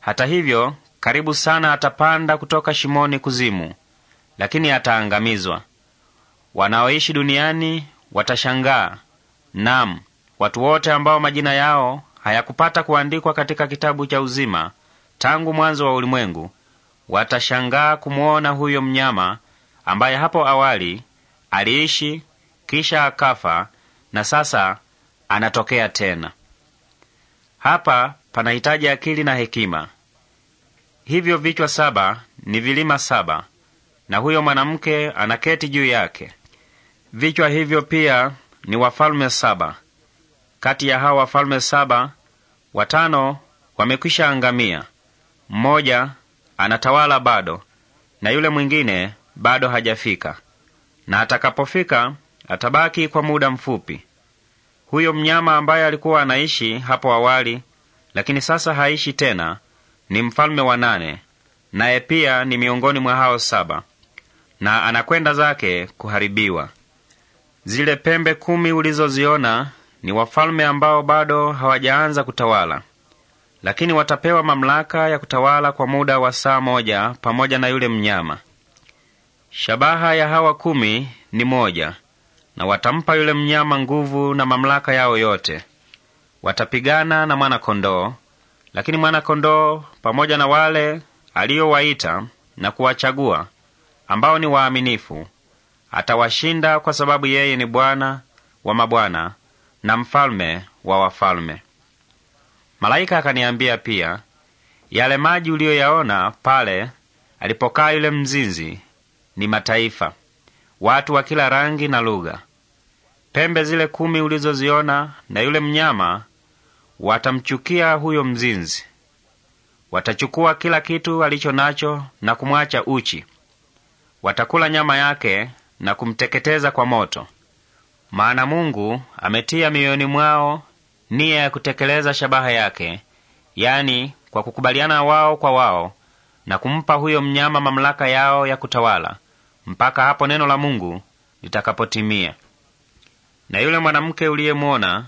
[SPEAKER 1] Hata hivyo, karibu sana atapanda kutoka shimoni kuzimu, lakini ataangamizwa. Wanaoishi duniani watashangaa, nam watu wote ambao majina yao hayakupata kuandikwa katika kitabu cha uzima tangu mwanzo wa ulimwengu watashangaa kumwona huyo mnyama ambaye hapo awali aliishi kisha akafa na sasa anatokea tena. Hapa panahitaji akili na hekima. Hivyo vichwa saba ni vilima saba, na huyo mwanamke anaketi juu yake. Vichwa hivyo pia ni wafalume saba. Kati ya hawa wafalume saba, watano wamekwisha angamia. Mmoja anatawala bado na yule mwingine bado hajafika, na atakapofika atabaki kwa muda mfupi. Huyo mnyama ambaye alikuwa anaishi hapo awali, lakini sasa haishi tena, ni mfalme wa nane, naye pia ni miongoni mwa hao saba, na anakwenda zake kuharibiwa. Zile pembe kumi ulizoziona ni wafalme ambao bado hawajaanza kutawala lakini watapewa mamlaka ya kutawala kwa muda wa saa moja pamoja na yule mnyama. Shabaha ya hawa kumi ni moja, na watampa yule mnyama nguvu na mamlaka yao yote. Watapigana na mwanakondoo lakini mwanakondoo pamoja na wale aliyowaita na kuwachagua ambao ni waaminifu atawashinda, kwa sababu yeye ni Bwana wa mabwana na mfalme wa wafalme. Malaika akaniambia pia, yale maji uliyoyaona pale alipokaa yule mzinzi ni mataifa, watu wa kila rangi na lugha. Pembe zile kumi ulizoziona na yule mnyama watamchukia huyo mzinzi, watachukua kila kitu alicho nacho na kumwacha uchi. Watakula nyama yake na kumteketeza kwa moto, maana Mungu ametia mioyoni mwao nia ya kutekeleza shabaha yake, yani kwa kukubaliana wao kwa wao na kumpa huyo mnyama mamlaka yao ya kutawala mpaka hapo neno la Mungu litakapotimia. Na yule mwanamke uliyemwona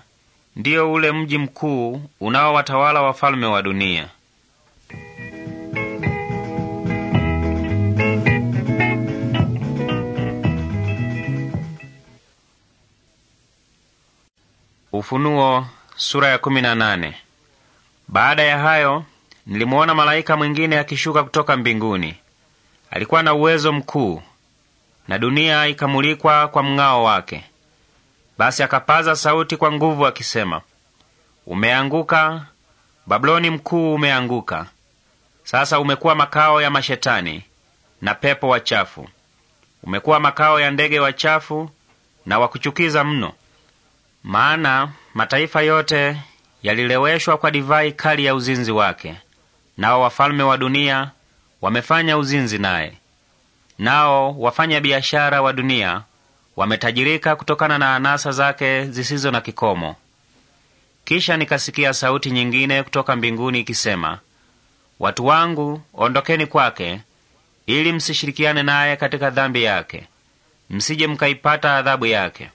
[SPEAKER 1] ndiyo ule mji mkuu unaowatawala wafalme wa dunia. Ufunuo Sura ya kumi na nane. Baada ya hayo nilimwona malaika mwingine akishuka kutoka mbinguni. Alikuwa na uwezo mkuu, na dunia ikamulikwa kwa mng'ao wake. Basi akapaza sauti kwa nguvu akisema, umeanguka Babuloni mkuu, umeanguka! Sasa umekuwa makao ya mashetani na pepo wachafu, umekuwa makao ya ndege wachafu na wakuchukiza mno. Maana mataifa yote yalileweshwa kwa divai kali ya uzinzi wake, nao wafalme wa dunia wamefanya uzinzi naye. Nao wafanya biashara wa dunia wametajirika kutokana na anasa zake zisizo na kikomo. Kisha nikasikia sauti nyingine kutoka mbinguni ikisema, watu wangu, ondokeni kwake, ili msishirikiane naye katika dhambi yake, msije mkaipata adhabu yake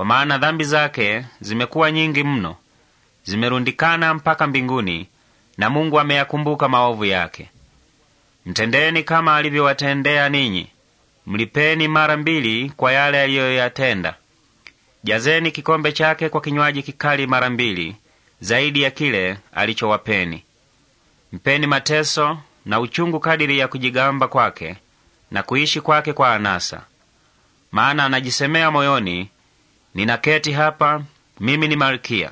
[SPEAKER 1] kwa maana dhambi zake zimekuwa nyingi mno, zimerundikana mpaka mbinguni, na Mungu ameyakumbuka maovu yake. Mtendeni kama alivyowatendea ninyi, mlipeni mara mbili kwa yale aliyoyatenda. Jazeni kikombe chake kwa kinywaji kikali mara mbili zaidi ya kile alichowapeni. Mpeni mateso na uchungu kadiri ya kujigamba kwake na kuishi kwake kwa anasa, maana anajisemea moyoni ninaketi hapa, mimi ni malkia,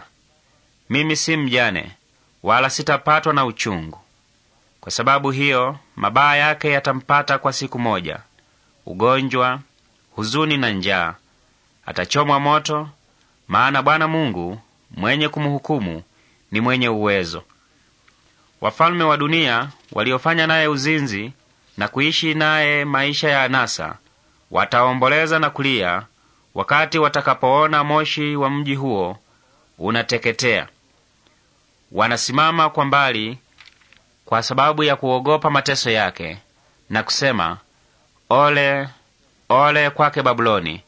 [SPEAKER 1] mimi si mjane, wala sitapatwa na uchungu. Kwa sababu hiyo, mabaya yake yatampata kwa siku moja: ugonjwa, huzuni na njaa. Atachomwa moto, maana Bwana Mungu mwenye kumhukumu ni mwenye uwezo. Wafalme wa dunia waliofanya naye uzinzi na kuishi naye maisha ya anasa wataomboleza na kulia wakati watakapoona moshi wa mji huo unateketea. Wanasimama kwa mbali kwa sababu ya kuogopa mateso yake na kusema, ole ole kwake Babuloni,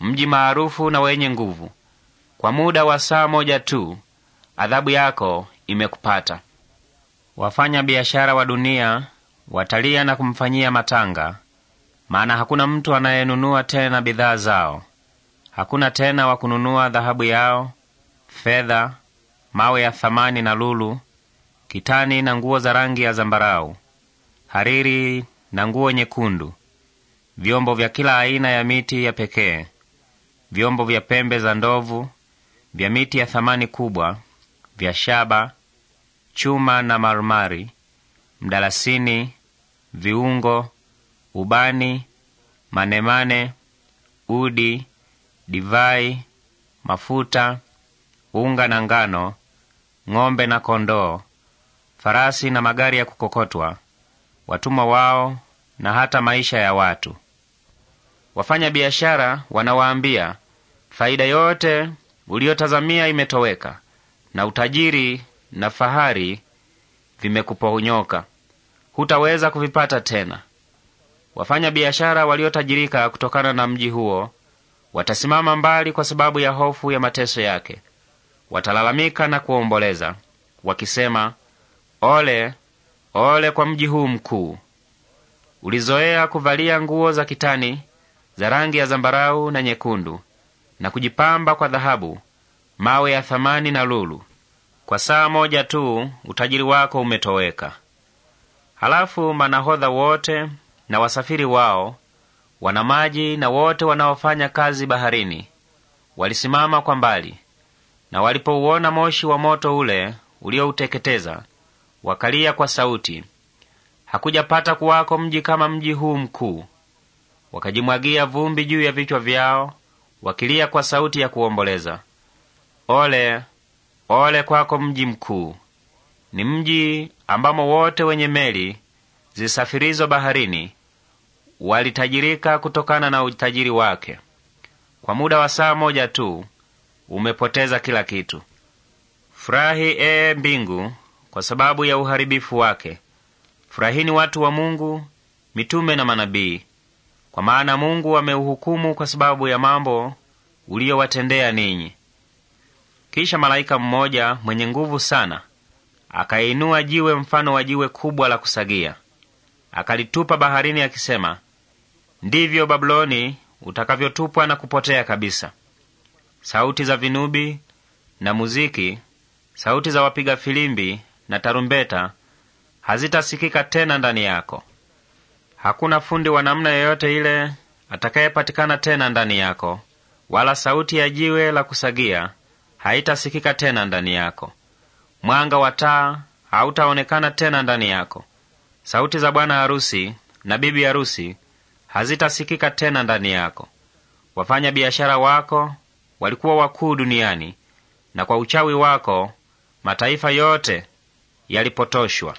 [SPEAKER 1] mji maarufu na wenye nguvu! Kwa muda wa saa moja tu adhabu yako imekupata. Wafanya biashara wa dunia watalia na kumfanyia matanga, maana hakuna mtu anayenunua tena bidhaa zao. Hakuna tena wa kununua dhahabu yao, fedha, mawe ya thamani na lulu, kitani na nguo za rangi ya zambarau, hariri na nguo nyekundu, vyombo vya kila aina ya miti ya pekee, vyombo vya pembe za ndovu, vya miti ya thamani kubwa, vya shaba, chuma na marumari, mdalasini, viungo, ubani, manemane, udi divai, mafuta, unga na ngano, ng'ombe na kondoo, farasi na magari ya kukokotwa, watumwa wao na hata maisha ya watu. Wafanya biashara wanawaambia, faida yote uliyotazamia imetoweka, na utajiri na fahari vimekuponyoka, hutaweza kuvipata tena. Wafanya biashara waliotajirika kutokana na mji huo Watasimama mbali kwa sababu ya hofu ya mateso yake, watalalamika na kuomboleza wakisema, ole ole kwa mji huu mkuu! Ulizoea kuvalia nguo za kitani za rangi ya zambarau na nyekundu na kujipamba kwa dhahabu, mawe ya thamani na lulu. Kwa saa moja tu utajiri wako umetoweka. Halafu manahodha wote na wasafiri wao wanamaji na wote wanaofanya kazi baharini walisimama kwa mbali, na walipouona moshi wa moto ule uliouteketeza, wakalia kwa sauti, hakujapata kuwako mji kama mji huu mkuu. Wakajimwagia vumbi juu ya vichwa vyao, wakilia kwa sauti ya kuomboleza, ole ole kwako mji mkuu! Ni mji ambamo wote wenye meli zisafirizo baharini walitajirika kutokana na utajiri wake. Kwa muda wa saa moja tu umepoteza kila kitu. Furahi ee mbingu, kwa sababu ya uharibifu wake. Furahini watu wa Mungu, mitume na manabii, kwa maana Mungu ameuhukumu kwa sababu ya mambo uliyowatendea ninyi. Kisha malaika mmoja mwenye nguvu sana akainua jiwe mfano wa jiwe kubwa la kusagia, akalitupa baharini akisema, ndivyo Babuloni utakavyotupwa na kupotea kabisa. Sauti za vinubi na muziki, sauti za wapiga filimbi na tarumbeta hazitasikika tena ndani yako. Hakuna fundi wa namna yoyote ile atakayepatikana tena ndani yako, wala sauti ya jiwe la kusagia haitasikika tena ndani yako. Mwanga wa taa hautaonekana tena ndani yako. Sauti za bwana harusi na bibi harusi hazitasikika tena ndani yako. Wafanya biashara wako walikuwa wakuu duniani, na kwa uchawi wako mataifa yote yalipotoshwa.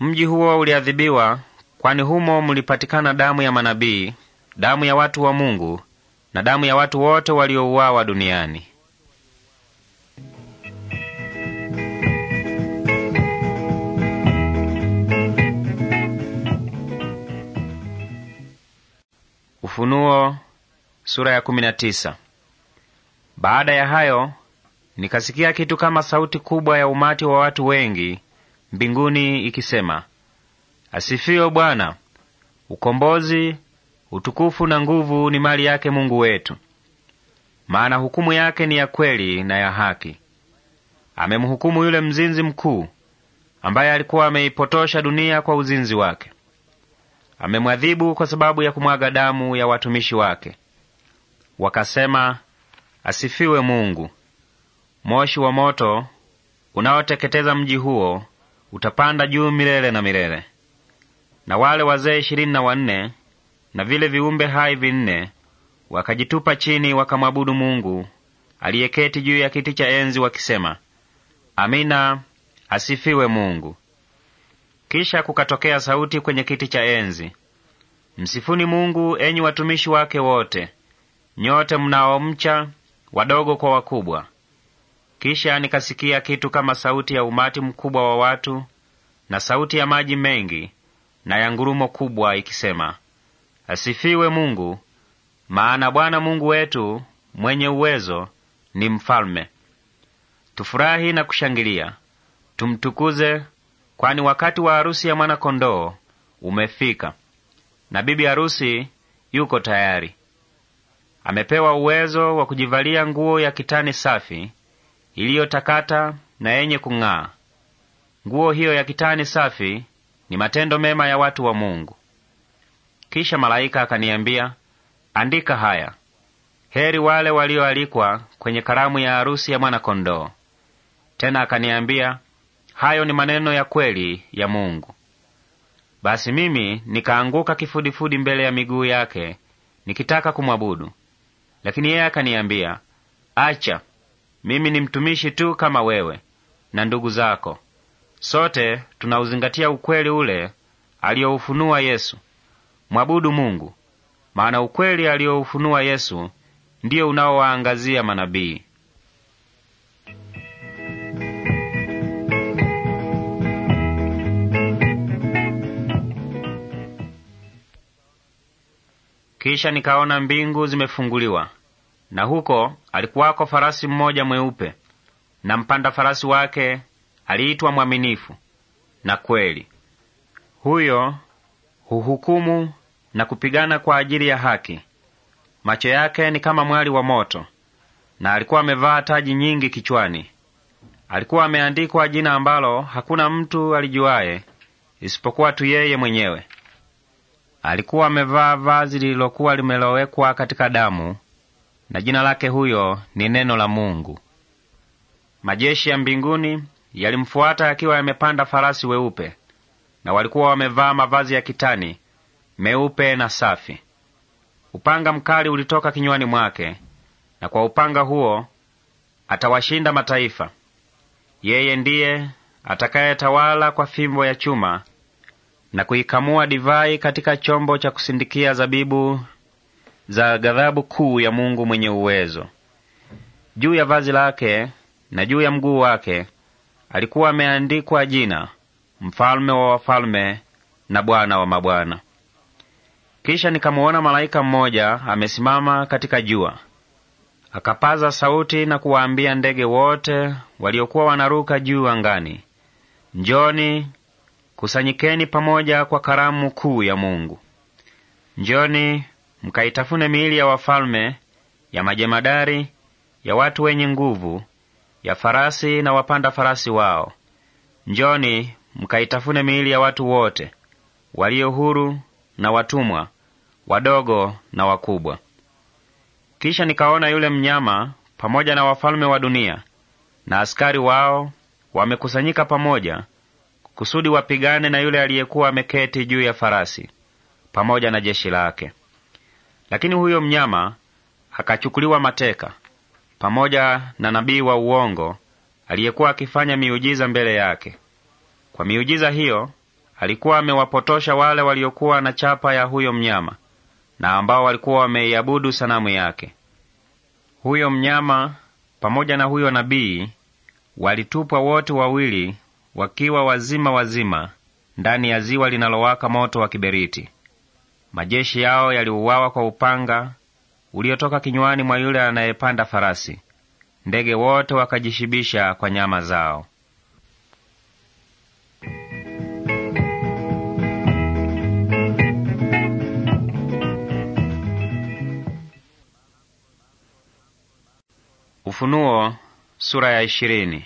[SPEAKER 1] Mji huo uliadhibiwa, kwani humo mlipatikana damu ya manabii, damu ya watu wa Mungu na damu ya watu wote waliouawa duniani. Ufunuo sura ya 19. Baada ya hayo nikasikia kitu kama sauti kubwa ya umati wa watu wengi mbinguni ikisema, Asifiwe Bwana! Ukombozi, utukufu na nguvu ni mali yake Mungu wetu, maana hukumu yake ni ya kweli na ya haki. Amemhukumu yule mzinzi mkuu ambaye alikuwa ameipotosha dunia kwa uzinzi wake amemwadhibu kwa sababu ya kumwaga damu ya watumishi wake. Wakasema, asifiwe Mungu. Moshi wa moto unaoteketeza mji huo utapanda juu milele na milele. Na wale wazee ishirini na wanne na vile viumbe hai vinne wakajitupa chini wakamwabudu Mungu aliyeketi juu ya kiti cha enzi wakisema, Amina, asifiwe Mungu. Kisha kukatokea sauti kwenye kiti cha enzi, msifuni Mungu enyi watumishi wake wote, nyote mnaomcha, wadogo kwa wakubwa. Kisha nikasikia kitu kama sauti ya umati mkubwa wa watu na sauti ya maji mengi na ya ngurumo kubwa ikisema, asifiwe Mungu, maana Bwana Mungu wetu mwenye uwezo ni mfalme. Tufurahi na kushangilia, tumtukuze kwani wakati wa harusi ya mwana-kondoo umefika, na bibi harusi yuko tayari. Amepewa uwezo wa kujivalia nguo ya kitani safi iliyotakata na yenye kung'aa. Nguo hiyo ya kitani safi ni matendo mema ya watu wa Mungu. Kisha malaika akaniambia, andika haya: heri wale walioalikwa kwenye karamu ya harusi ya mwana-kondoo. Tena akaniambia, Hayo ni maneno ya kweli ya Mungu. Basi mimi nikaanguka kifudifudi mbele ya miguu yake nikitaka kumwabudu, lakini yeye akaniambia, acha, mimi ni mtumishi tu kama wewe na ndugu zako. Sote tunauzingatia ukweli ule aliyoufunua Yesu. Mwabudu Mungu, maana ukweli aliyoufunua Yesu ndiyo unaowaangazia manabii. Kisha nikaona mbingu zimefunguliwa, na huko alikuwako farasi mmoja mweupe, na mpanda farasi wake aliitwa Mwaminifu na Kweli. Huyo huhukumu na kupigana kwa ajili ya haki. Macho yake ni kama mwali wa moto, na alikuwa amevaa taji nyingi kichwani. Alikuwa ameandikwa jina ambalo hakuna mtu alijuaye isipokuwa tu yeye mwenyewe. Alikuwa amevaa vazi lililokuwa limelowekwa katika damu, na jina lake huyo ni Neno la Mungu. Majeshi ya mbinguni yalimfuata yakiwa yamepanda farasi weupe, na walikuwa wamevaa mavazi ya kitani meupe na safi. Upanga mkali ulitoka kinywani mwake, na kwa upanga huo atawashinda mataifa. Yeye ndiye atakayetawala kwa fimbo ya chuma na kuikamua divai katika chombo cha kusindikia zabibu za ghadhabu kuu ya Mungu mwenye uwezo. Juu ya vazi lake na juu ya mguu wake alikuwa ameandikwa jina, mfalme wa wafalme na Bwana wa mabwana. Kisha nikamuona malaika mmoja amesimama katika jua, akapaza sauti na kuwaambia ndege wote waliokuwa wanaruka juu angani, njoni kusanyikeni pamoja kwa karamu kuu ya Mungu. Njoni mkaitafune miili ya wafalme, ya majemadari, ya watu wenye nguvu, ya farasi na wapanda farasi wao. Njoni mkaitafune miili ya watu wote walio huru na watumwa, wadogo na wakubwa. Kisha nikaona yule mnyama pamoja na wafalme wa dunia na askari wao wamekusanyika pamoja kusudi wapigane na yule aliyekuwa ameketi juu ya farasi pamoja na jeshi lake. Lakini huyo mnyama akachukuliwa mateka pamoja na nabii wa uongo aliyekuwa akifanya miujiza mbele yake. Kwa miujiza hiyo alikuwa amewapotosha wale waliokuwa na chapa ya huyo mnyama na ambao walikuwa wameiabudu sanamu yake. Huyo mnyama pamoja na huyo nabii walitupwa wote wawili wakiwa wazima wazima ndani ya ziwa linalowaka moto wa kiberiti. Majeshi yao yaliuawa kwa upanga uliotoka kinywani mwa yule anayepanda farasi. Ndege wote wakajishibisha kwa nyama zao. Ufunuo sura ya ishirini.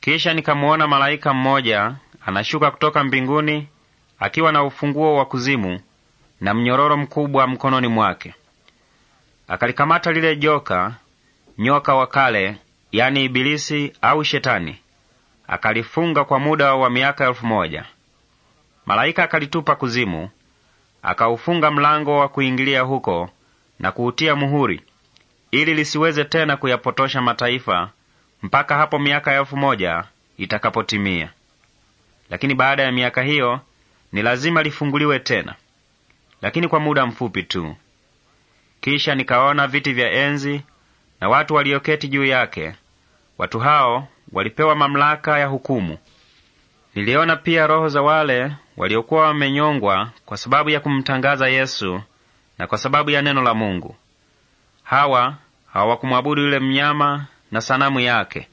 [SPEAKER 1] Kisha nikamwona malaika mmoja anashuka kutoka mbinguni akiwa na ufunguo wa kuzimu na mnyororo mkubwa mkononi mwake. Akalikamata lile joka, nyoka wa kale, yani Ibilisi au Shetani, akalifunga kwa muda wa miaka elfu moja. Malaika akalitupa kuzimu, akaufunga mlango wa kuingilia huko na kuutia muhuri, ili lisiweze tena kuyapotosha mataifa mpaka hapo miaka elfu moja itakapotimia. Lakini baada ya miaka hiyo ni lazima lifunguliwe tena, lakini kwa muda mfupi tu. Kisha nikaona viti vya enzi na watu walioketi juu yake. Watu hao walipewa mamlaka ya hukumu. Niliona pia roho za wale waliokuwa wamenyongwa kwa sababu ya kumtangaza Yesu na kwa sababu ya neno la Mungu. Hawa hawakumwabudu yule mnyama na sanamu yake,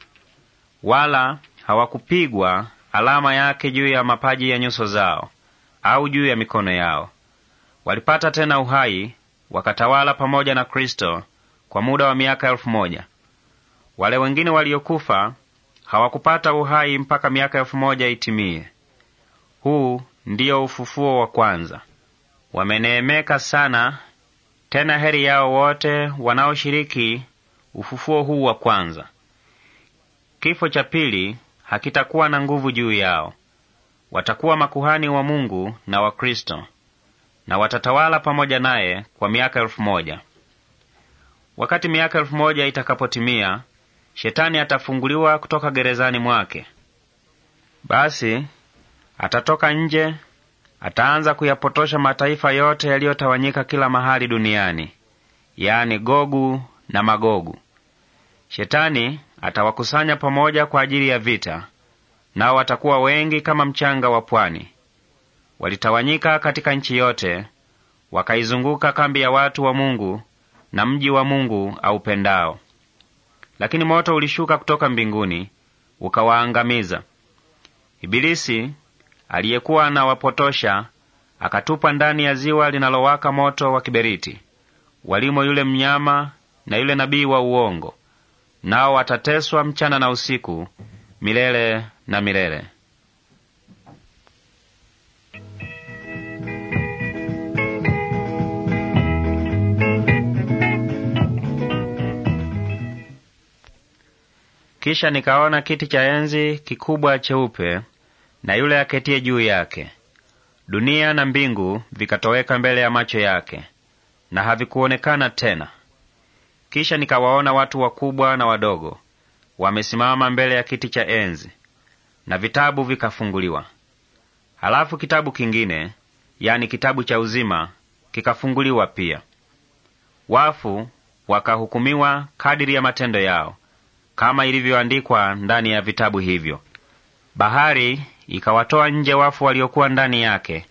[SPEAKER 1] wala hawakupigwa alama yake juu ya mapaji ya nyuso zao au juu ya mikono yao. Walipata tena uhai, wakatawala pamoja na Kristo kwa muda wa miaka elfu moja. Wale wengine waliokufa hawakupata uhai mpaka miaka elfu moja itimie. Huu ndiyo ufufuo wa kwanza. Wameneemeka sana, tena heri yao wote wanaoshiriki ufufuo huu wa kwanza. Kifo cha pili hakitakuwa na nguvu juu yao. Watakuwa makuhani wa Mungu na wa Kristo, na watatawala pamoja naye kwa miaka elfu moja. Wakati miaka elfu moja itakapotimia, Shetani atafunguliwa kutoka gerezani mwake. Basi atatoka nje, ataanza kuyapotosha mataifa yote yaliyotawanyika kila mahali duniani, yaani Gogu na Magogu. Shetani atawakusanya pamoja kwa ajili ya vita, nao watakuwa wengi kama mchanga wa pwani. Walitawanyika katika nchi yote, wakaizunguka kambi ya watu wa Mungu na mji wa Mungu aupendao. Lakini moto ulishuka kutoka mbinguni ukawaangamiza. Ibilisi aliyekuwa anawapotosha akatupa ndani ya ziwa linalowaka moto wa kiberiti, walimo yule mnyama na yule nabii wa uongo nao watateswa mchana na usiku milele na milele. Kisha nikaona kiti cha enzi kikubwa cheupe na yule aketie juu yake. Dunia na mbingu vikatoweka mbele ya macho yake, na havikuonekana tena. Kisha nikawaona watu wakubwa na wadogo wamesimama mbele ya kiti cha enzi na vitabu vikafunguliwa. Halafu kitabu kingine, yani kitabu cha uzima, kikafunguliwa pia. Wafu wakahukumiwa kadiri ya matendo yao, kama ilivyoandikwa ndani ya vitabu hivyo. Bahari ikawatoa nje wafu waliokuwa ndani yake,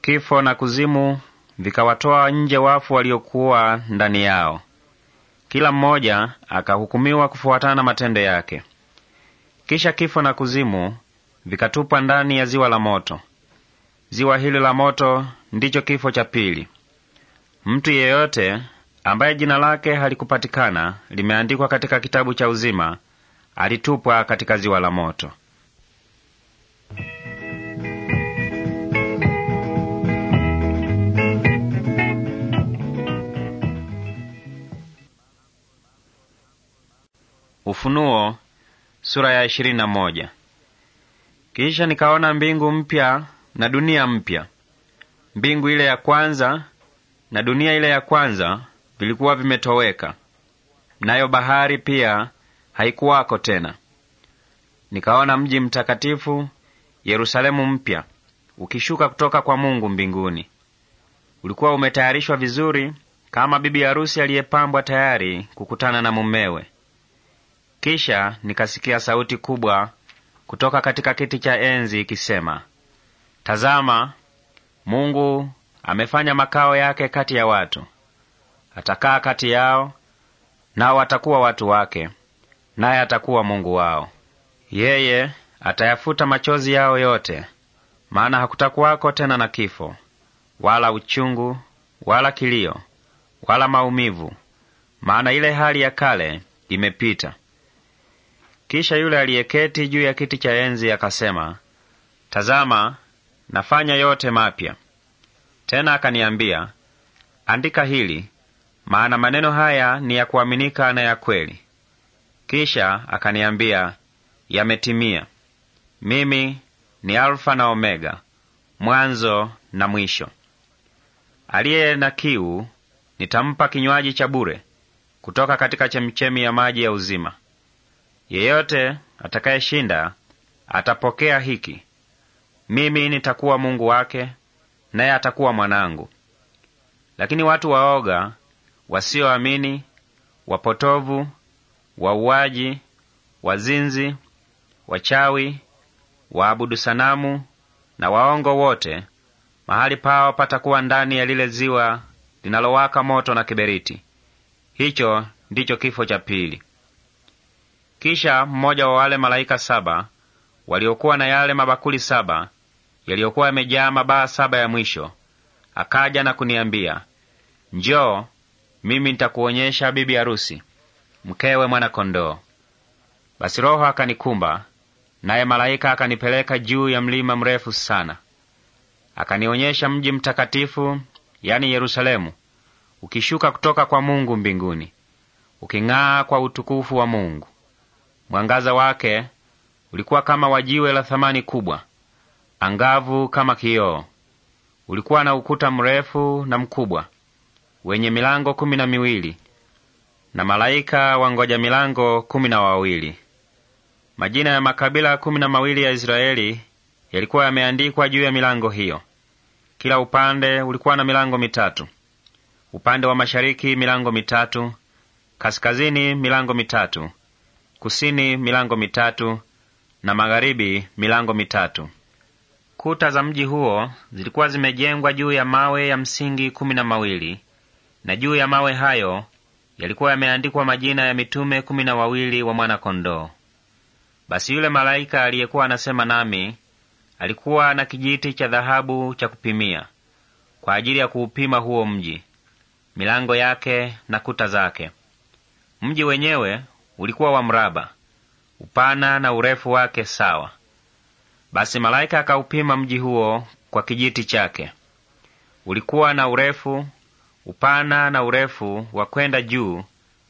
[SPEAKER 1] kifo na kuzimu vikawatoa nje wafu waliokuwa ndani yao kila mmoja akahukumiwa kufuatana na matendo yake. Kisha kifo na kuzimu vikatupwa ndani ya ziwa la moto. Ziwa hili la moto ndicho kifo cha pili. Mtu yeyote ambaye jina lake halikupatikana limeandikwa katika kitabu cha uzima alitupwa katika ziwa la moto. Ufunuo sura ya 21. Kisha nikaona mbingu mpya na dunia mpya. Mbingu ile ya kwanza na dunia ile ya kwanza vilikuwa vimetoweka, nayo bahari pia haikuwako tena. Nikaona mji mtakatifu Yerusalemu mpya ukishuka kutoka kwa Mungu mbinguni. Ulikuwa umetayarishwa vizuri kama bibi harusi aliyepambwa tayari kukutana na mumewe. Kisha nikasikia sauti kubwa kutoka katika kiti cha enzi ikisema, Tazama, Mungu amefanya makao yake kati ya watu, atakaa kati yao, nao watakuwa watu wake, naye atakuwa Mungu wao. Yeye atayafuta machozi yao yote, maana hakutakuwako tena na kifo wala uchungu wala kilio wala maumivu, maana ile hali ya kale imepita. Kisha yule aliyeketi juu ya kiti cha enzi akasema, Tazama, nafanya yote mapya. Tena akaniambia, andika hili, maana maneno haya ni ya kuaminika na ya kweli. Kisha akaniambia, yametimia. Mimi ni Alfa na Omega, mwanzo na mwisho. Aliye na kiu nitampa kinywaji cha bure kutoka katika chemchemi ya maji ya uzima. Yeyote atakayeshinda atapokea hiki. Mimi nitakuwa Mungu wake, naye atakuwa mwanangu. Lakini watu waoga, wasioamini, wapotovu, wauaji, wazinzi, wachawi, waabudu sanamu na waongo wote, mahali pao patakuwa ndani ya lile ziwa linalowaka moto na kiberiti. Hicho ndicho kifo cha pili. Kisha mmoja wa wale malaika saba waliokuwa na yale mabakuli saba yaliyokuwa yamejaa mabaa saba ya mwisho akaja na kuniambia, njoo, mimi nitakuonyesha bibi harusi, mkewe mwanakondoo Basi Roho akanikumba, naye malaika akanipeleka juu ya mlima mrefu sana, akanionyesha mji mtakatifu, yani Yerusalemu, ukishuka kutoka kwa Mungu mbinguni, uking'aa kwa utukufu wa Mungu. Mwangaza wake ulikuwa kama wajiwe la thamani kubwa, angavu kama kioo. Ulikuwa na ukuta mrefu na mkubwa wenye milango kumi na miwili na malaika wangoja milango kumi na wawili. Majina ya makabila kumi na mawili ya Israeli yalikuwa yameandikwa juu ya milango hiyo. Kila upande ulikuwa na milango mitatu: upande wa mashariki milango mitatu, kaskazini milango mitatu kusini milango mitatu na magharibi milango mitatu. Kuta za mji huo zilikuwa zimejengwa juu ya mawe ya msingi kumi na mawili na juu ya mawe hayo yalikuwa yameandikwa majina ya mitume kumi na wawili wa Mwana-Kondoo. Basi yule malaika aliyekuwa anasema nami alikuwa na kijiti cha dhahabu cha kupimia kwa ajili ya kuupima huo mji, milango yake na kuta zake. Mji wenyewe ulikuwa wa mraba, upana na urefu wake sawa. Basi malaika akaupima mji huo kwa kijiti chake. Ulikuwa na urefu, upana na urefu wa kwenda juu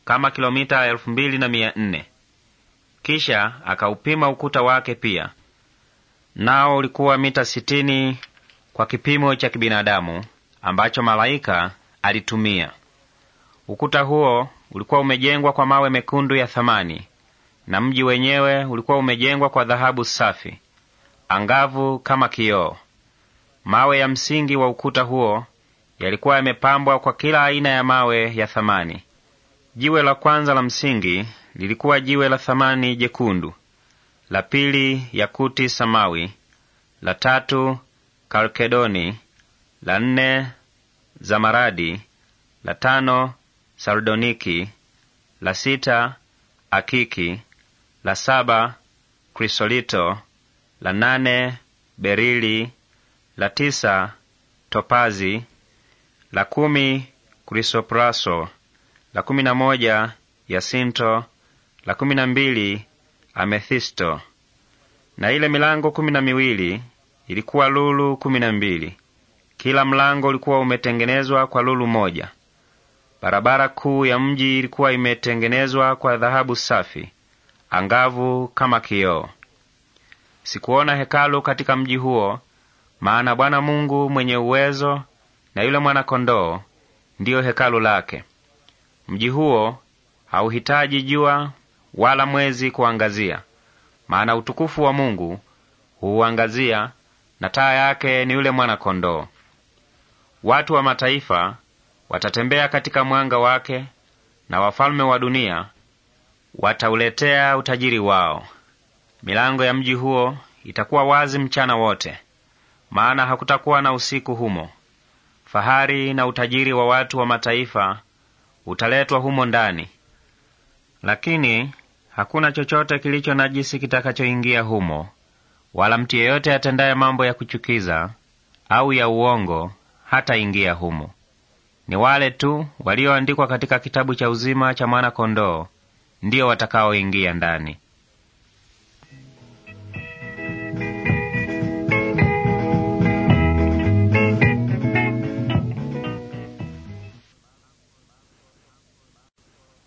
[SPEAKER 1] kama kilomita elfu mbili na mia nne. Kisha akaupima ukuta wake pia, nao ulikuwa mita sitini kwa kipimo cha kibinadamu ambacho malaika alitumia. Ukuta huo ulikuwa umejengwa kwa mawe mekundu ya thamani, na mji wenyewe ulikuwa umejengwa kwa dhahabu safi angavu kama kioo. Mawe ya msingi wa ukuta huo yalikuwa yamepambwa kwa kila aina ya mawe ya thamani. Jiwe la kwanza la msingi lilikuwa jiwe la thamani jekundu, la pili yakuti samawi, la tatu kalkedoni, la nne zamaradi, la tano sardoniki, la sita akiki, la saba krisolito, la nane berili, la tisa topazi, la kumi krisopraso, la kumi na moja yasinto, la kumi na mbili amethisto. Na ile milango kumi na miwili ilikuwa lulu kumi na mbili. Kila mlango ulikuwa umetengenezwa kwa lulu moja. Barabara kuu ya mji ilikuwa imetengenezwa kwa dhahabu safi angavu kama kioo. Sikuona hekalu katika mji huo, maana Bwana Mungu mwenye uwezo na yule mwanakondoo ndiyo hekalu lake. Mji huo hauhitaji jua wala mwezi kuangazia, maana utukufu wa Mungu huuangazia, na taa yake ni yule mwanakondoo Watu wa mataifa Watatembea katika mwanga wake, na wafalme wa dunia watauletea utajiri wao. Milango ya mji huo itakuwa wazi mchana wote, maana hakutakuwa na usiku humo. Fahari na utajiri wa watu wa mataifa utaletwa humo ndani, lakini hakuna chochote kilicho najisi kitakachoingia humo, wala mtu yeyote atendaye mambo ya kuchukiza au ya uongo hataingia humo ni wale tu walioandikwa katika kitabu cha uzima cha mwana-kondoo ndiyo watakaoingia ndani.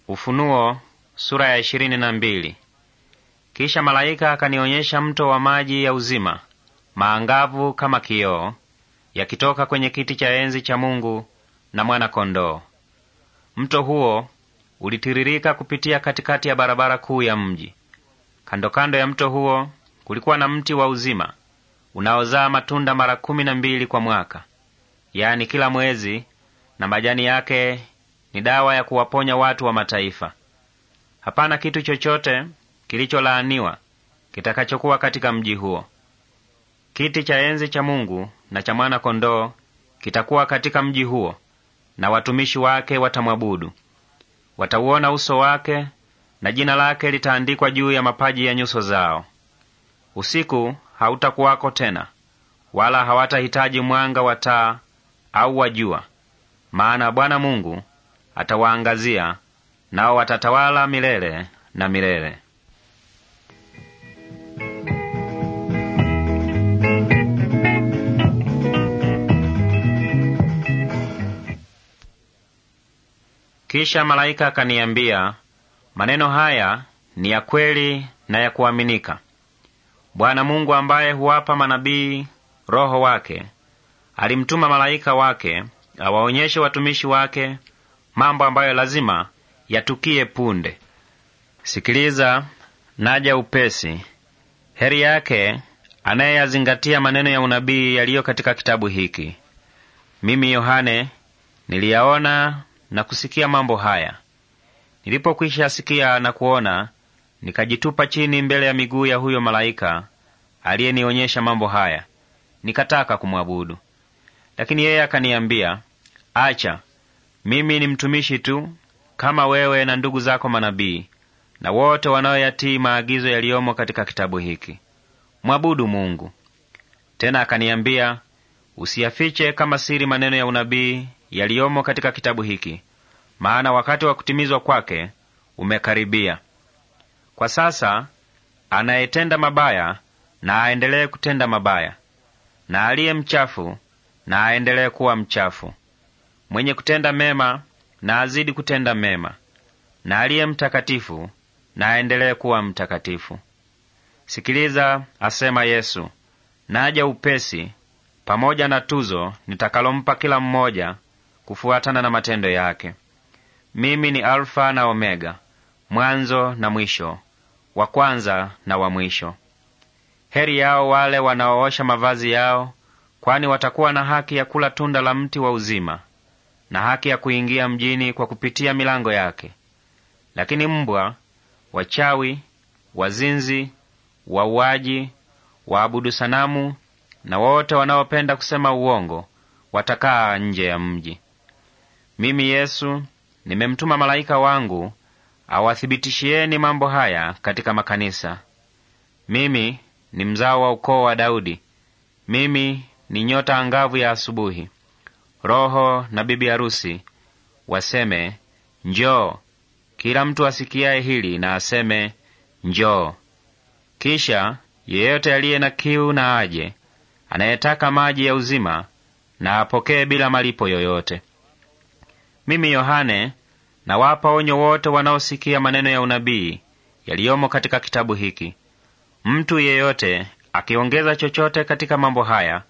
[SPEAKER 1] Ufunuo sura ya ishirini na mbili. Kisha malaika akanionyesha mto wa maji ya uzima maangavu kama kioo, yakitoka kwenye kiti cha enzi cha Mungu na mwana-kondoo. Mto huo ulitiririka kupitia katikati ya barabara kuu ya mji. Kandokando ya mto huo kulikuwa na mti wa uzima unaozaa matunda mara kumi na mbili kwa mwaka, yaani kila mwezi, na majani yake ni dawa ya kuwaponya watu wa mataifa. Hapana kitu chochote kilicholaaniwa kitakachokuwa katika mji huo. Kiti cha enzi cha Mungu na cha mwana-kondoo kitakuwa katika mji huo, na watumishi wake watamwabudu. Watauona uso wake, na jina lake litaandikwa juu ya mapaji ya nyuso zao. Usiku hautakuwako tena, wala hawatahitaji mwanga wa taa au wa jua, maana Bwana Mungu atawaangazia, nao watatawala milele na milele. Kisha malaika akaniambia, maneno haya ni ya kweli na ya kuaminika. Bwana Mungu ambaye huwapa manabii Roho wake alimtuma malaika wake awaonyeshe watumishi wake mambo ambayo lazima yatukie punde. Sikiliza, naja upesi. Heri yake anayeyazingatia maneno ya unabii yaliyo katika kitabu hiki. Mimi Yohane niliyaona na kusikia mambo haya. Nilipokwisha sikia na kuona, nikajitupa chini mbele ya miguu ya huyo malaika aliyenionyesha mambo haya, nikataka kumwabudu. Lakini yeye akaniambia, acha, mimi ni mtumishi tu kama wewe na ndugu zako manabii na wote wanaoyatii maagizo yaliyomo katika kitabu hiki. Mwabudu Mungu. Tena akaniambia, usiyafiche kama siri maneno ya unabii yaliyomo katika kitabu hiki, maana wakati wa kutimizwa kwake umekaribia. Kwa sasa anayetenda mabaya na aendelee kutenda mabaya, na aliye mchafu na aendelee kuwa mchafu, mwenye kutenda mema na azidi kutenda mema, na aliye mtakatifu na aendelee kuwa mtakatifu. Sikiliza, asema Yesu, naja upesi, pamoja na tuzo nitakalompa kila mmoja kufuatana na matendo yake. Mimi ni Alfa na Omega, mwanzo na mwisho, wa kwanza na wa mwisho. Heri yao wale wanaoosha mavazi yao, kwani watakuwa na haki ya kula tunda la mti wa uzima na haki ya kuingia mjini kwa kupitia milango yake. Lakini mbwa, wachawi, wazinzi, wauaji, waabudu sanamu na wote wanaopenda kusema uongo watakaa nje ya mji. Mimi Yesu nimemtuma malaika wangu awathibitishieni mambo haya katika makanisa. Mimi ni mzao wa ukoo wa Daudi, mimi ni nyota angavu ya asubuhi. Roho na bibi harusi waseme njoo. Kila mtu asikiaye hili na aseme njoo. Kisha yeyote aliye na kiu na aje, anayetaka maji ya uzima na apokee bila malipo yoyote. Mimi Yohane nawapa onyo wote wanaosikia maneno ya unabii yaliyomo katika kitabu hiki. Mtu yeyote akiongeza chochote katika mambo haya,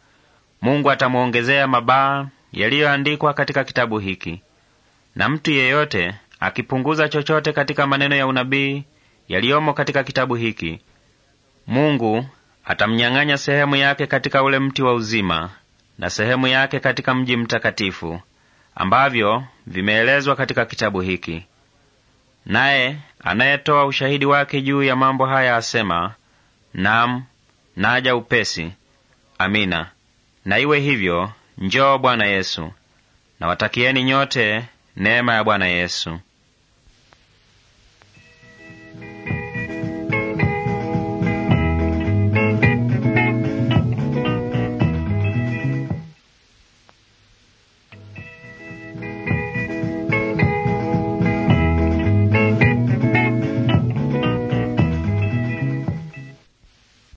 [SPEAKER 1] Mungu atamwongezea mabaa yaliyoandikwa katika kitabu hiki, na mtu yeyote akipunguza chochote katika maneno ya unabii yaliyomo katika kitabu hiki, Mungu atamnyang'anya sehemu yake katika ule mti wa uzima na sehemu yake katika mji mtakatifu ambavyo vimeelezwa katika kitabu hiki. Naye anayetoa ushahidi wake juu ya mambo haya asema, nam, naja upesi. Amina, na iwe hivyo. Njoo Bwana Yesu. Nawatakieni nyote neema ya Bwana Yesu.